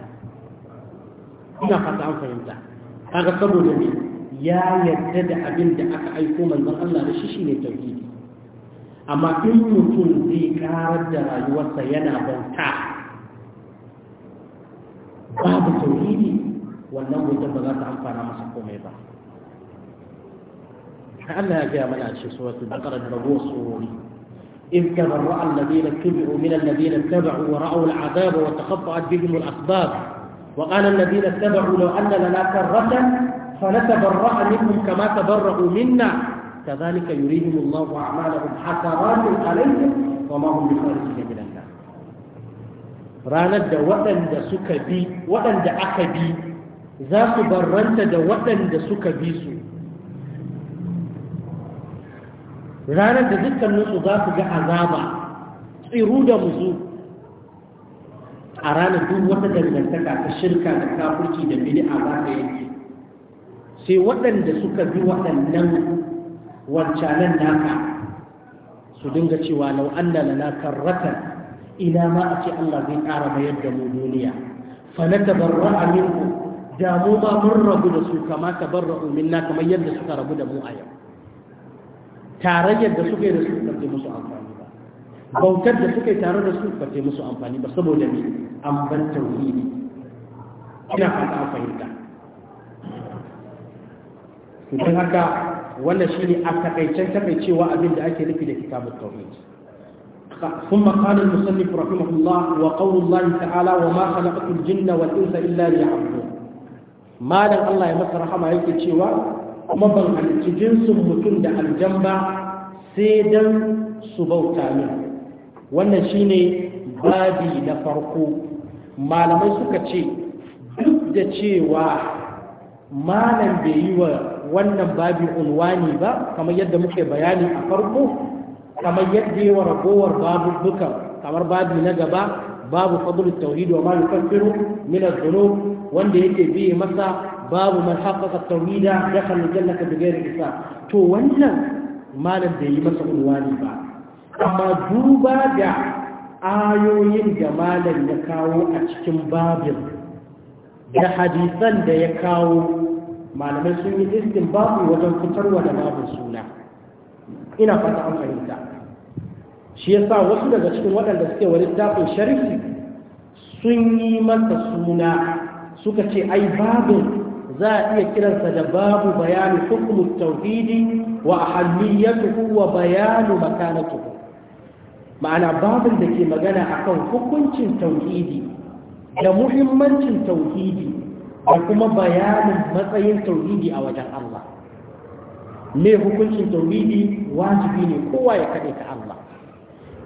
ina fata an fahimta kaga saboda ne ya yarda da abin da aka aiko manzon Allah da shi shine tauhidi amma in mutum zai karar da rayuwarsa yana bauta babu tauhidi wannan mutum ba za ta amfana masa komai ba كأنها فيها gaya سورة البقرة cikin إذ baqara رأى إذ تبرأ الذين اتبعوا من الذين اتبعوا ورأوا العذاب وتقطعت بهم الأسباب وقال الذين اتبعوا لو أن لنا كرة فنتبرأ منهم كما تبرأوا منا كذلك يريهم الله أعمالهم حسرات عليهم وما هم بخارجين من الله ranar da waɗanda suka bi waɗanda aka bi za su barranta da waɗanda suka bi su ranar da dukkaninsu za su ga azaba tsiru da musu a ranar duk wata dangantaka ta shirka da kafurci da bid'a za ta yanke sai waɗanda suka bi waɗannan wancanan naka su dinga cewa lau anna lana ina ma a ce Allah zai ƙara mayar da mu duniya fa na tabarra'a minhu ma mun rabu da su kama tabarra'u na kamar yadda suka rabu da mu a yau tarayyar da suke da su ba musu amfani ba bautar da suke tare da su ba musu amfani ba saboda ne an ban tauhidi ina fata fahimta don haka shi ne a takaicen takaicewa abin da ake nufi da kitabun tauhid ثم قال المصنف رحمه الله وقول الله تعالى وما خلقت الجن والانس الا ليعبدون ما دام الله يمسك رحمه yake cewa kuma ban halicci jinsin mutum da aljan ba sai don su bauta min wannan shine babi na farko malamai suka ce duk da cewa malam bai yi wa wannan babi unwani ba kamar yadda muke bayani a farko kamar yadda yi wa ragowar babu duka kamar babi na gaba babu fadlul tauhid wa ma yukaffiru min adh wanda yake biye masa babu man haqqaqa tawhida dakhala jannata bighairi hisab to wannan malam bai yi masa unwani ba amma duba da ayoyin da malam ya kawo a cikin babin da hadisan da ya kawo malamai sun yi istin babu wajen fitarwa da babin suna ina fata an fahimta shi yasa wasu daga cikin waɗanda suke wani littafin sharifi sun yi masa suna suka ce ai babin za a iya kiransa da babu bayani hukumu tauhidi wa ahammiyatuhu wa bayanu makanatuhu ma'ana babin da ke magana akan hukuncin tauhidi da muhimmancin tauhidi da kuma bayanin matsayin tauhidi a wajen Allah me hukuncin tauhidi wajibi ne kowa ya kaɗe ka Allah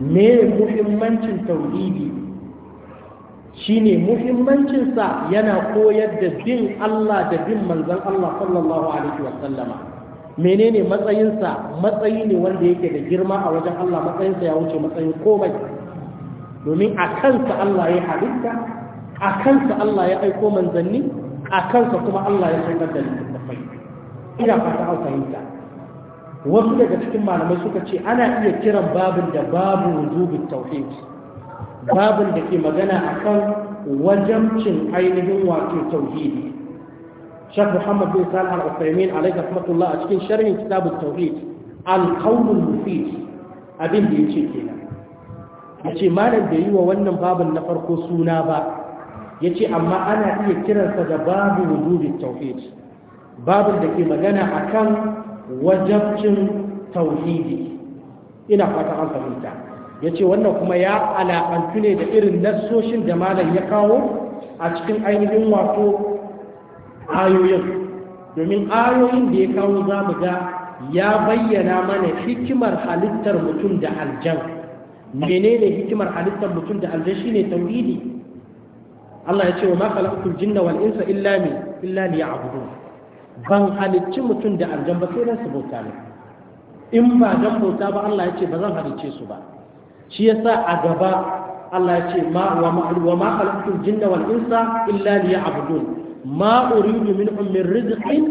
me muhimmancin tauhidi shine muhimmancinsa yana koyar da bin Allah da bin manzon Allah sallallahu alaihi wasallama menene matsayinsa matsayi ne wanda yake da girma a wajen Allah matsayinsa ya wuce matsayin komai domin a kansa Allah ya halitta a kansa Allah ya aiko manzanni a kansa kuma Allah ya saukar da littattafai ina fata an fahimta wasu daga cikin malamai suka ce ana iya kiran babin da babu wujubin tauhid babin da ke magana a kan wajamcin ainihin wato tauhidi shaf Muhammad bin Salih Al-Uthaymeen alayhi rahmatullah a cikin sharhin kitab tauhid al al mufid abin da yake kenan yace malam da yi wa wannan babin na farko suna ba yace amma ana iya kiransa da babu wujudin tauhid babin da ke magana akan wajabcin tauhidi ina fata an fahimta ya ce wannan kuma ya alaƙantu ne da irin nassoshin da malam ya kawo a cikin ainihin wato ayoyin domin ayoyin da ya kawo za mu ga ya bayyana mana hikimar halittar mutum da aljan menene hikimar halittar mutum da aljan shine tauhidi Allah ya ce wa ma khalaqtul jinna wal insa illa min illa liya'budun ban halicci mutum da aljan ba sai dan su bauta ne in ba dan bauta ba Allah ya ce ba zan halicce su ba shi yasa a gaba Allah ya ce wa ma jinna wal insa illa liya'budun ma uridu minhum min rizqin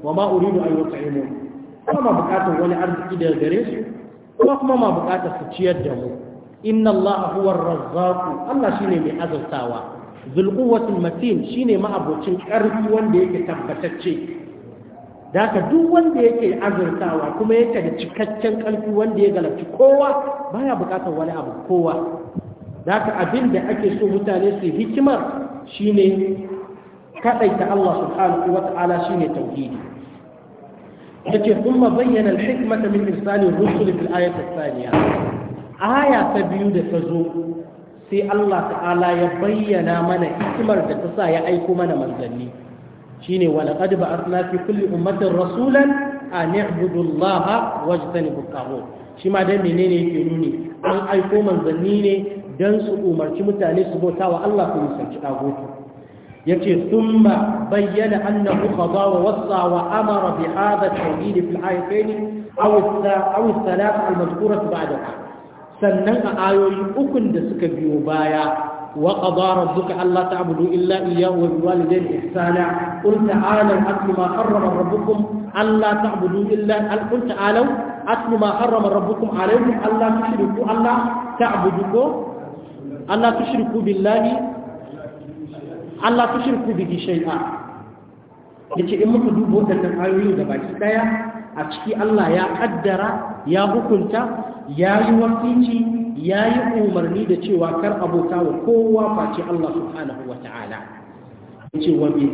wa ma uridu an yut'imun kuma bukatar wani arziki daga gare su kuma kuma ma bukatar su ciyar da mu inna Allah huwa ar Allah shine mai azabtawa. zul matin shine ma'abocin karfi wanda yake tabbatacce da duk wanda yake azurtawa kuma yake da cikakken ƙarfi wanda ya galabci kowa baya buƙatar wani abu kowa da abin da ake so mutane su hikimar shine kaɗaita Allah subhanahu wa ta'ala shine tauhidi yake kuma bayyana al-hikmata min irsali rusul fil ayati tsaniya aya ta biyu da ta zo sai Allah ta'ala ya bayyana mana hikimar da ta sa ya aiko mana manzanni shine wa laqad ba'athna fi kulli ummatin rasulan an i'budu Allah wajtanibu at-taghut shi ma dan menene yake nuni an aiko manzanni ne dan su umarci mutane su bautawa wa Allah su musanci tagut yace thumma bayyana annahu qada wa wassa wa amara bi hadha at-tawhid fi al-ayatayn aw aw al-thalath al-madhkurah ba'daha sannan a ayoyi ukun da suka biyo baya وقضى ربك ألا تعبدوا إلا إياه وبالوالدين إحسانا قل تعالوا أتل ما حرم ربكم ألا تعبدوا إلا قل تعالوا أتل ما حرم ربكم عليكم ألا تشركوا ألا تعبدوا ألا تشركوا بالله ألا تشركوا به شيئا yace in muka dubo waɗannan ayoyi da baki ɗaya a ciki Allah ya ƙaddara ya hukunta ya yi wasici ya yi umarni da cewa kar abota wa kowa face Allah subhanahu wa ta'ala ce wa bi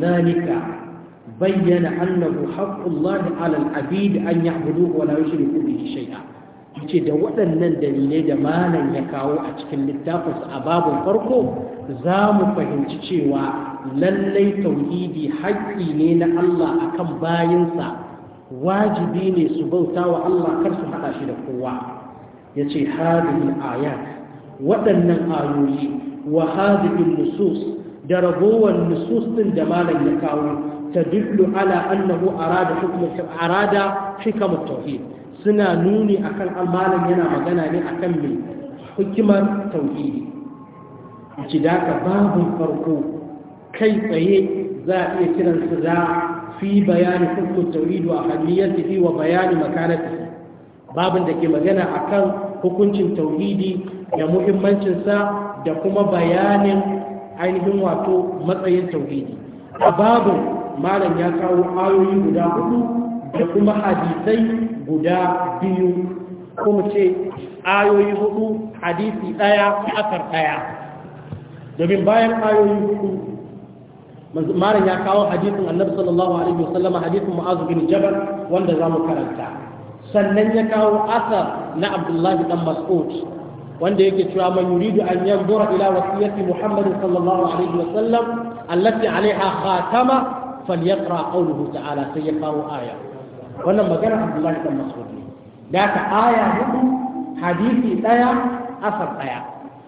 bayyana annahu haqqullahi 'ala al-'abid an ya'buduhu wa la yushriku bihi shay'a yace da waɗannan dalilai da malam ya kawo a cikin littafin a babun farko za mu fahimci cewa lallai tauhidi haƙƙi ne na Allah akan bayansa wajibi ne su bauta wa Allah kar su haɗa shi da kowa ya ce hadin ayat waɗannan ayoyi wa hadin nusus da ragowar nusus ɗin da malam ya kawo ta dillu ala annahu arada hukumar arada hikamar tauhid suna nuni akan almalam yana magana ne akan mai hukumar tauhidi a ci daga babin farko kai tsaye za a iya kiransu za fi bayani hukun tauhidi a hannun fi wa bayani makanatu babin da ke magana akan hukuncin tauhidi da muhimmancinsa da kuma bayanin ainihin wato matsayin tauhidi a babin malam ya kawo ayoyi guda hudu da kuma hadisai guda biyu kuma ce ayoyi hudu hadisi daya akar daya domin bayan ayoyi hudu malam ya kawo hadisin annabi sallallahu alaihi wasallama hadisin mu'azu bin jabal wanda zamu karanta sannan ya kawo asar na abdullahi dan mas'ud wanda yake cewa man yuridu an yanzura ila wasiyati muhammad sallallahu alaihi wa sallam allati alaiha khatama falyaqra qawluhu ta'ala sai ya kawo aya wannan magana abdullahi dan mas'ud ne da aya hudu hadisi daya asar daya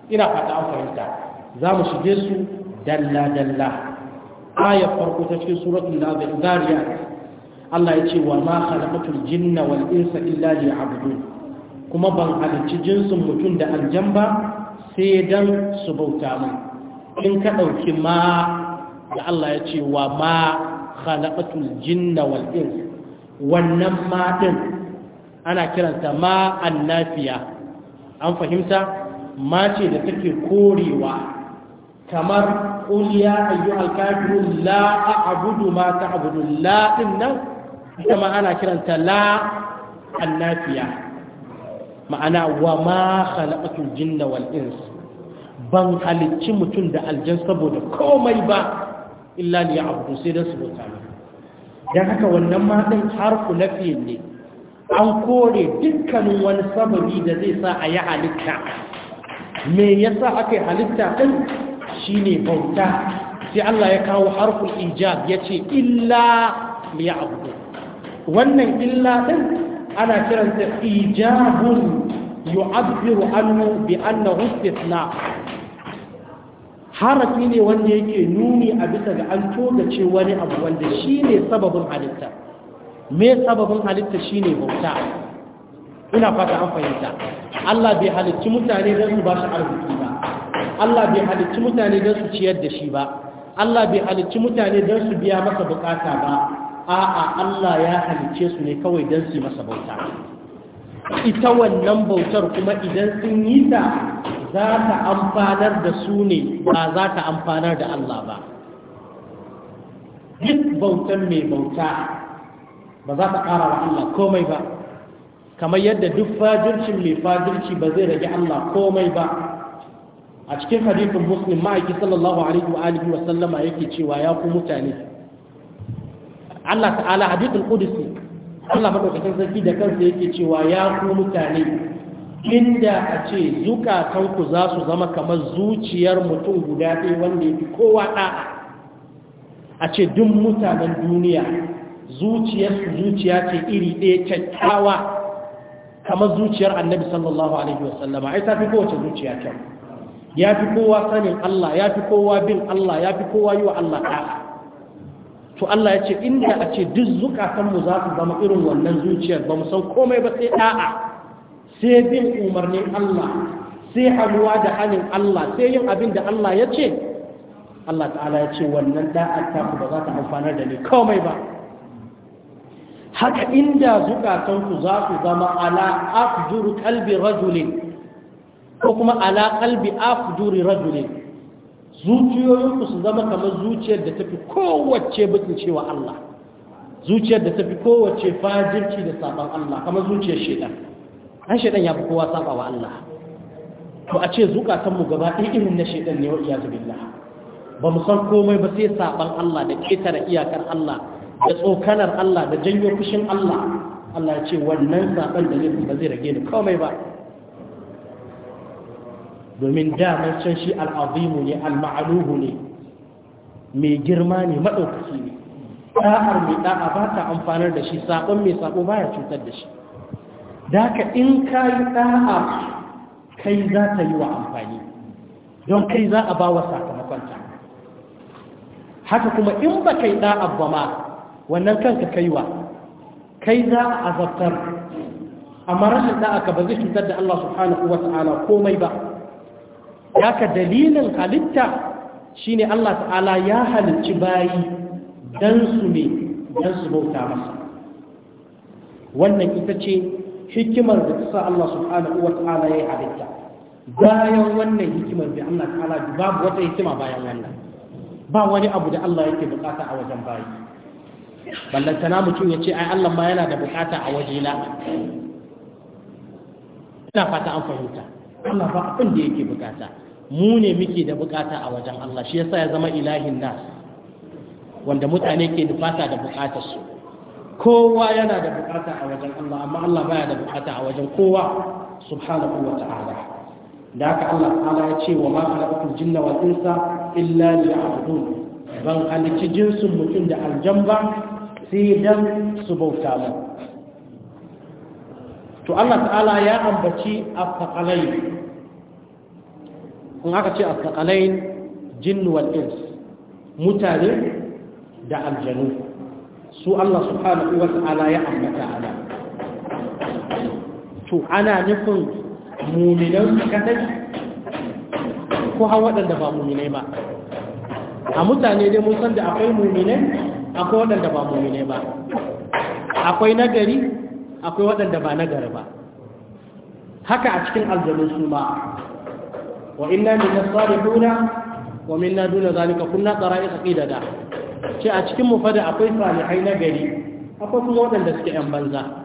ina fata an fahimta za mu shige su dalla dalla ayar farko ta cikin suratul zariyat Allah ya ce wa ma khalaqatul jinna wal insa illa liya'budun kuma ban halicci jinsin mutum da aljan ba sai dan su bauta mu in ka dauki ma da Allah ya ce wa ma khalaqatul jinna wal insa wannan ma din ana kiranta ma annafiya an fahimta ma ce da take korewa kamar qul ya ayyuhal kafirun la a'budu ma ta'budun la din nan ita ma ana kiranta la annafiya ma'ana wa ma khalaqatul jinna wal ins ban halicci mutum da aljan saboda komai ba illa ne abu sai da su bauta don haka wannan matan harku na fiye ne an kore dukkanin wani sababi da zai sa a yi halitta me yasa aka yi halitta ɗin shine bauta sai Allah ya kawo harfin ijab yace ce illa ne abu wannan illa ɗin ana kiranta ijabun yu'abbiru annu bi annahu istithna harafi ne wanda yake nuni a bisa ga an togace wani abu wanda shine sababin halitta me sababin halitta shine bauta ina fata an fahimta Allah bai halicci mutane don su ba su arziki ba Allah bai halicci mutane don su ciyar da shi ba Allah bai halicci mutane don su biya masa bukata ba a'a Allah ya halice su ne kawai don su masa bauta ita wannan bautar kuma idan sun yi ta za ta amfanar da su ne ba za ta amfanar da Allah ba duk bautan mai bauta ba za ta ƙara wa Allah komai ba kamar yadda duk fajircin mai fajirci ba zai rage Allah komai ba a cikin hadithin muslim ma'aiki sallallahu alaihi wa alihi wa sallama yake cewa ya ku mutane Allah ta'ala hadithul qudsi Allah madaukakin sarki da kansa yake cewa ya ku mutane inda a ce zukatanku za su zama kamar zuciyar mutum guda ɗaya wanda ya fi kowa ɗa'a a ce duk mutanen duniya zuciyar su zuciya ce iri ɗaya kyakkyawa kamar zuciyar annabi sallallahu alaihi wasallama ai ta fi kowace zuciya kyau ya fi kowa sanin Allah ya fi kowa bin Allah ya fi kowa yi wa Allah ɗa'a to Allah ya ce inda a ce duk zukatanmu za su zama irin wannan zuciyar ba mu san komai ba sai ɗa'a. sai bin umarnin Allah sai hannuwa da hannun Allah sai yin abin da Allah ya ce Allah ta'ala ya ce wannan da'a ta ku ba za ta amfanar da ni komai ba haka inda zukatanku za su zama ala afjuru qalbi rajulin ko kuma ala qalbi afjuri rajulin zuciyoyinku su zama kamar zuciyar da tafi kowace cewa Allah zuciyar da tafi kowace fajirci da saban Allah kamar zuciyar shedan an shedan ya fi kowa saba wa Allah to a ce zukatanmu gaba ɗaya irin na shedan ne wa iyazu billah ba mu san komai ba sai saban Allah da ƙetare iyakar Allah da tsokanar Allah da janyo fushin Allah Allah ya ce wannan saban da ne ba zai rage ni komai ba domin daman can shi al'azimu ne al-ma'aluhu ne mai girma ne maɗaukaki ne ɗa'ar mai ɗa'a ba ta amfanar da shi saƙon mai saƙo ba ya cutar da shi da in ka yi ɗa'a kai za ta yi wa amfani don kai za a ba wa sakamakonta haka kuma in ba kai ɗa'a ba ma wannan kanka kaiwa kai za a azabtar amma rashin ɗa'a ka ba zai cutar da Allah subhanahu wa ta'ala komai ba haka dalilin halitta shine Allah ta'ala ya halicci bayi dan su ne don su bauta masa wannan ita ce hikimar da ta sa Allah subhanahu wa ta'ala ya yi halitta bayan wannan hikimar da Allah ta'ala babu wata hikima bayan wannan ba wani abu da Allah yake bukata a wajen bayi na mutum ya ce ai Allah ma yana da bukata a wajena ina fata an fahimta Allah ba abin da yake bukata mu ne muke da bukata a wajen Allah shi yasa ya zama ilahin nas wanda mutane ke da fata da bukatar su kowa yana da bukata a wajen Allah amma Allah baya da bukata a wajen kowa subhanahu wa ta'ala da haka Allah ta'ala ya ce wa ma khalaqatul jinna wa insa illa liya'budun ban halicci jinsin mutum da ba sai dan su bauta mu to Allah ta'ala ya ambaci afqalai in aka ce asqalain jinn wal ins mutane da aljanu su Allah subhanahu wa ta'ala ya ambata ala to ana nufin mu'minan kadai ko hau waɗanda ba mu'minai ba a mutane dai mun san da akwai muminai akwai waɗanda ba muminai ba akwai nagari akwai waɗanda ba nagari ba haka a cikin aljanu su ma wa inna min as-salihuna wa minna duna zalika kunna qara'iqa qidada ce a cikin mu akwai salihai na gari akwai kuma waɗanda suke yan banza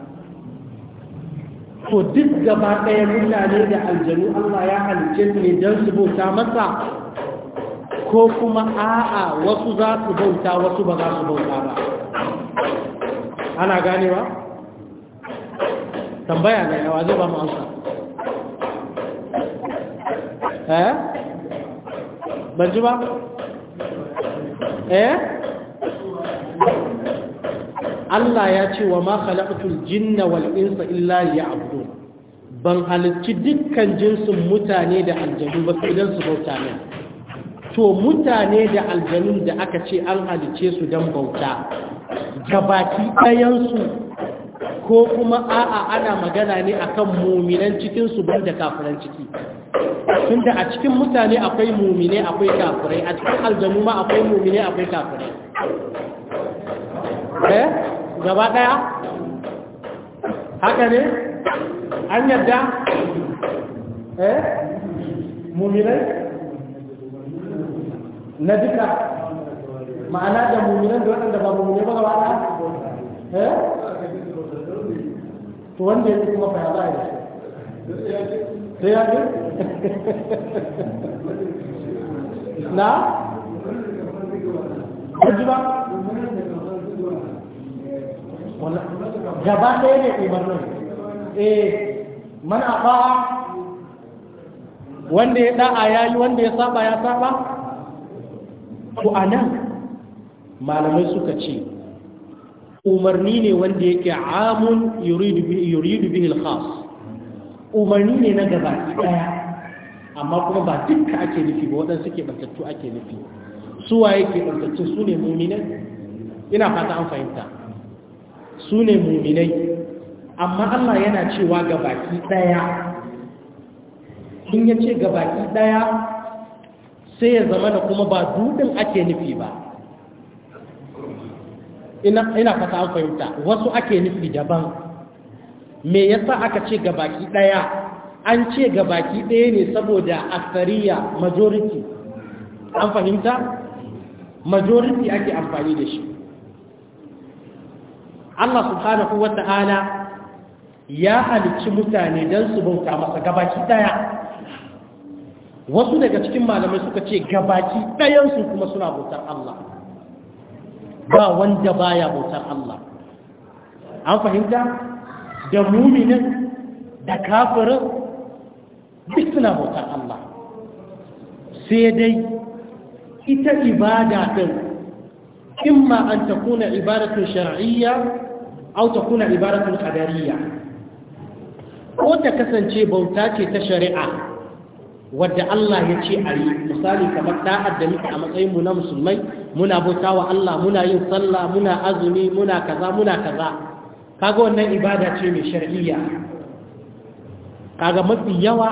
Ko duk gaba ɗaya mutane da aljanu Allah ya halice su ne don su bauta masa ko kuma a'a wasu za su bauta wasu ba za su bauta ba ana ganewa tambaya ne na waje ba mu amsa eh eh Allah ya ce wa ma khalaqtul jinna wal insa illa liya'budun ban halicci dukkan jinsin mutane da aljanu ba idan su bauta ne to mutane da aljanun da aka ce an halice su dan bauta gabaki ɗayansu ko kuma a'a ana magana ne akan muminan cikin su banda kafiran ciki tunda a cikin mutane akwai mumine akwai kafirai a cikin aljamu ma akwai mumine akwai kafirai eh gaba daya haka ne an yadda eh na duka ma'ana da muminan da waɗanda ba mumine ba gaba daya eh to wanda yake kuma fa za a yi sai ya je na ji ba wala, gaba ɗaya ne umarnin eh man afa wanda ya ya yi, wanda ya saba ya saba to nan, malamai suka ce umarni ne wanda yake amun yuridu bihi al-khas umarni ne na gaba daya amma kuma ba dukka ake nufi ba waɗansu ke bantattu ake nufi su waye ke bantattu su ne muminai ina fata an fahimta su ne muminai amma Allah yana cewa gaba daya in yace gaba daya sai ya zama da kuma ba dudin ake nufi ba ina fata an fahimta wasu ake nufi daban me yasa aka ce ga baki daya an ce ga baki daya ne saboda asariya majority an fahimta majority ake amfani da shi Allah subhanahu wata'ala ya halicci mutane don su bauta masa gabaki daya wasu daga cikin malamai suka ce gabaki dayansu kuma suna bautar Allah ba wanda baya bautar Allah an fahimta da muminin da kafirin duk suna bautar Allah sai dai ita ibada din imma an takuna ibadatun shar'iyya aw takuna ibadatun qadariyya ko ta kasance bauta ce ta shari'a wadda Allah ya ce a yi misali kamar ta'ad da muke a matsayinmu na musulmai muna bauta wa Allah muna yin sallah muna azumi muna kaza muna kaza kaga wannan ibada ce mai shar'iyya kaga mafi yawa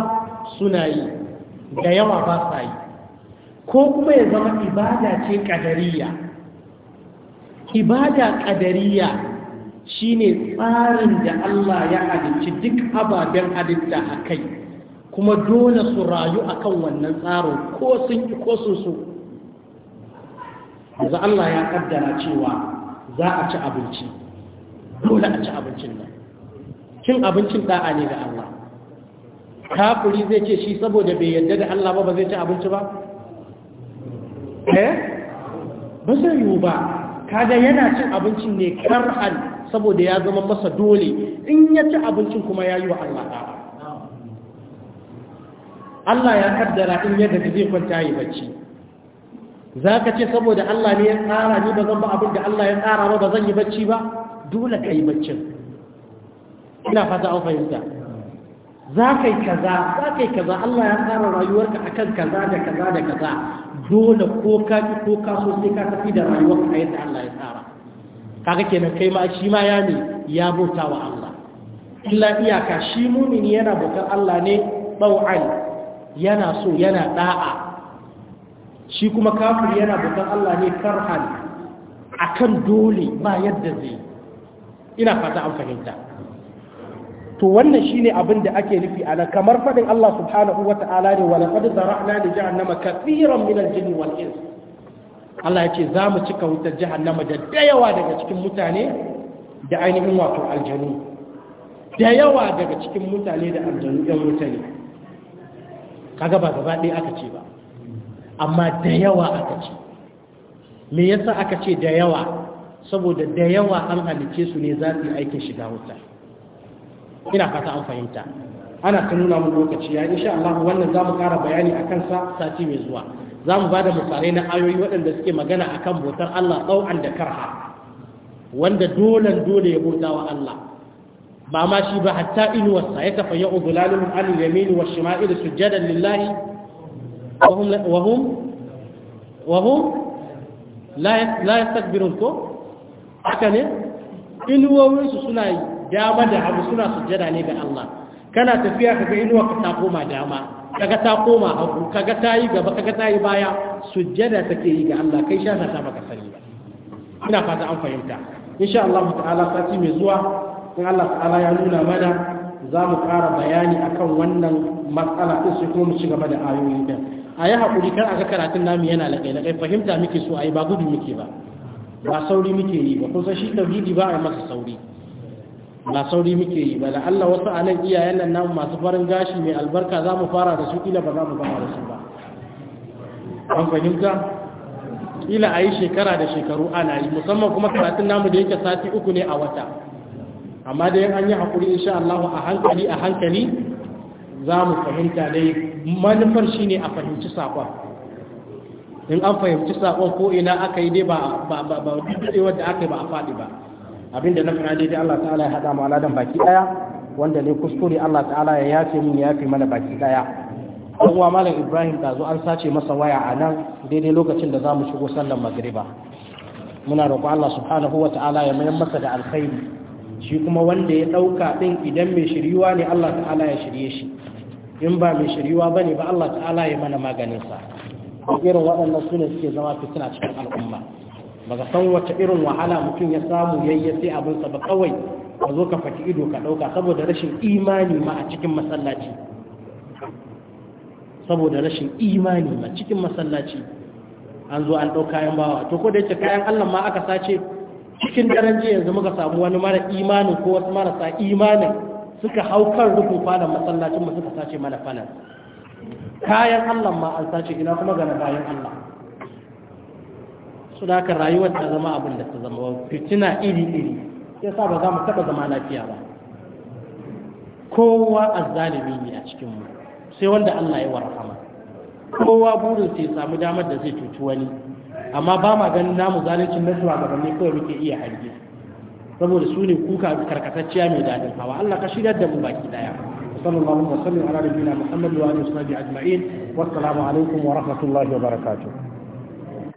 suna yi da yawa ba sa yi ko kuma ya zama ibada ce kadariya ibada kadariya shine tsarin da Allah ya halicci duk ababen halitta akai, kuma dole su rayu akan wannan tsaro ko sun ko sun so yanzu Allah ya kaddara cewa za a ci abinci dole a ci abincin nan cin abincin da'a ne ga Allah kafiri zai ce shi saboda bai yadda da Allah ba ba zai ci abinci ba eh ba zai yiwu ba kaga yana cin abincin ne karhan saboda ya zama masa dole in ya ci abincin kuma ya yi wa Allah da'a Allah ya kaddara in yadda zai kwanta yi bacci za ka ce saboda Allah ne ya tsara ni ba zan ba abin da Allah ya tsara ba ba zan yi bacci ba dole ka yi baccin ina fata an fahimta za ka yi kaza za ka yi kaza Allah ya tsara rayuwarka akan kaza da kaza da kaza dole ko ka ko ka so sai ka tafi da rayuwarka a yadda Allah ya tsara kaga kenan kai ma shi ma ya ne ya bauta wa Allah illa iyaka shi mumin yana bautar Allah ne bau'an yana so yana da'a shi kuma kafir yana bautan Allah ne karhan akan dole ba yadda zai ina fata an fahimta to wannan shine abin da ake nufi ana kamar fadin Allah subhanahu ta'ala ne wala qad zara'na li jahannama kathiran min al wal Allah ya ce za mu cika wutar jahannama da dayawa daga cikin mutane da ainihin wato aljanu da yawa daga cikin mutane da aljanu ɗan mutane kaga ba gaba ɗaya aka ce ba amma da yawa aka ce me yasa aka ce da yawa saboda da yawa an halice su ne za su yi aikin shiga wuta ina fata an fahimta ana ta nuna mu lokaci ya insha Allah wannan zamu kara bayani akan sa sati mai zuwa zamu bada misalai na ayoyi waɗanda suke magana akan bautar Allah tsau'an da karha wanda dole dole ya bauta wa Allah ba ma shi ba hatta inuwarsa ya kafa ya'u dhulalun al-yamin wa shima'il sujadan lillahi وهم لا وهم وهم لا لا يستكبرون كو هكذا inuwowinsu suna dama da abu suna sujjada ne ga Allah kana tafiya kaga inuwa ka ta koma dama kaga ta koma abu, kaga ta yi gaba kaga ta yi baya sujjada take yi ga Allah kai sha ta baka sani ba ina fata an fahimta insha Allah ta'ala sati mai zuwa in Allah ta'ala ya nuna mana za mu ƙara bayani akan wannan matsala ɗin sai kuma mu ci gaba da ayoyi ɗin a yi haƙuri kan aga karatun namu yana laƙai-laƙai fahimta muke so a yi ba gudu muke ba ba sauri muke yi ba kusa shi tauhidi ba a masa sauri ba sauri muke yi ba da Allah wasu a nan iyayen nan namu masu farin gashi mai albarka za mu fara da su kila ba za mu gama da su ba an fahimta kila a yi shekara da shekaru ana yi musamman kuma karatun namu da yake sati uku ne a wata amma dai an yi in sha Allah a hankali a hankali za mu fahimta dai manufar shi ne a fahimci saƙon in an fahimci saƙon ko ina aka yi dai ba daɗewar da aka yi ba a faɗi ba abinda na fara daidai Allah ta'ala ya haɗa ma'ala don baki ɗaya wanda ne kuskure Allah ta'ala ya yafe min ya yafe mana baki ɗaya ɗan uwa malam ibrahim ta zo an sace masa waya a nan daidai lokacin da za mu shigo sallan magriba muna roƙo Allah subhanahu wa ta'ala ya mayar masa da alkhairi shi kuma wanda ya ɗauka ɗin idan mai shiryuwa ne Allah ta'ala ya shirye shi in ba mai shiryuwa ba ne ba Allah ta'ala ya mana maganinsa irin waɗannan su ne suke zama fitina cikin al'umma ba ka san wata irin wahala mutum ya samu yayyace abinsa ba kawai ka zo ka faki ido ka ɗauka saboda rashin imani ma a cikin masallaci saboda rashin imani ma cikin masallaci an zo an ɗau kayan bawa to ko da yake kayan Allah ma aka sace cikin daren jiya yanzu muka samu wani mara imanin ko wasu marasa imanin suka hau kan rufin falon masallacin mu suka sace mana falon kayan Allah ma an sace ina kuma gana bayan Allah su da rayuwar ta zama abin da ta zama fitina iri iri ya sa ba za mu taɓa zama lafiya ba kowa azzalimi ne a cikin sai wanda Allah ya warhama kowa burin sai samu damar da zai cuci wani amma ba ma ganin namu zalincin na shugabanni kawai muke iya hange saboda su ne kuka karkatacciya mai dadin hawa Allah ka shirya da mu baki daya sallallahu alaihi wa sallam ala nabiyina muhammad wa alihi wa sahbihi ajma'in wassalamu alaikum wa rahmatullahi wa barakatuh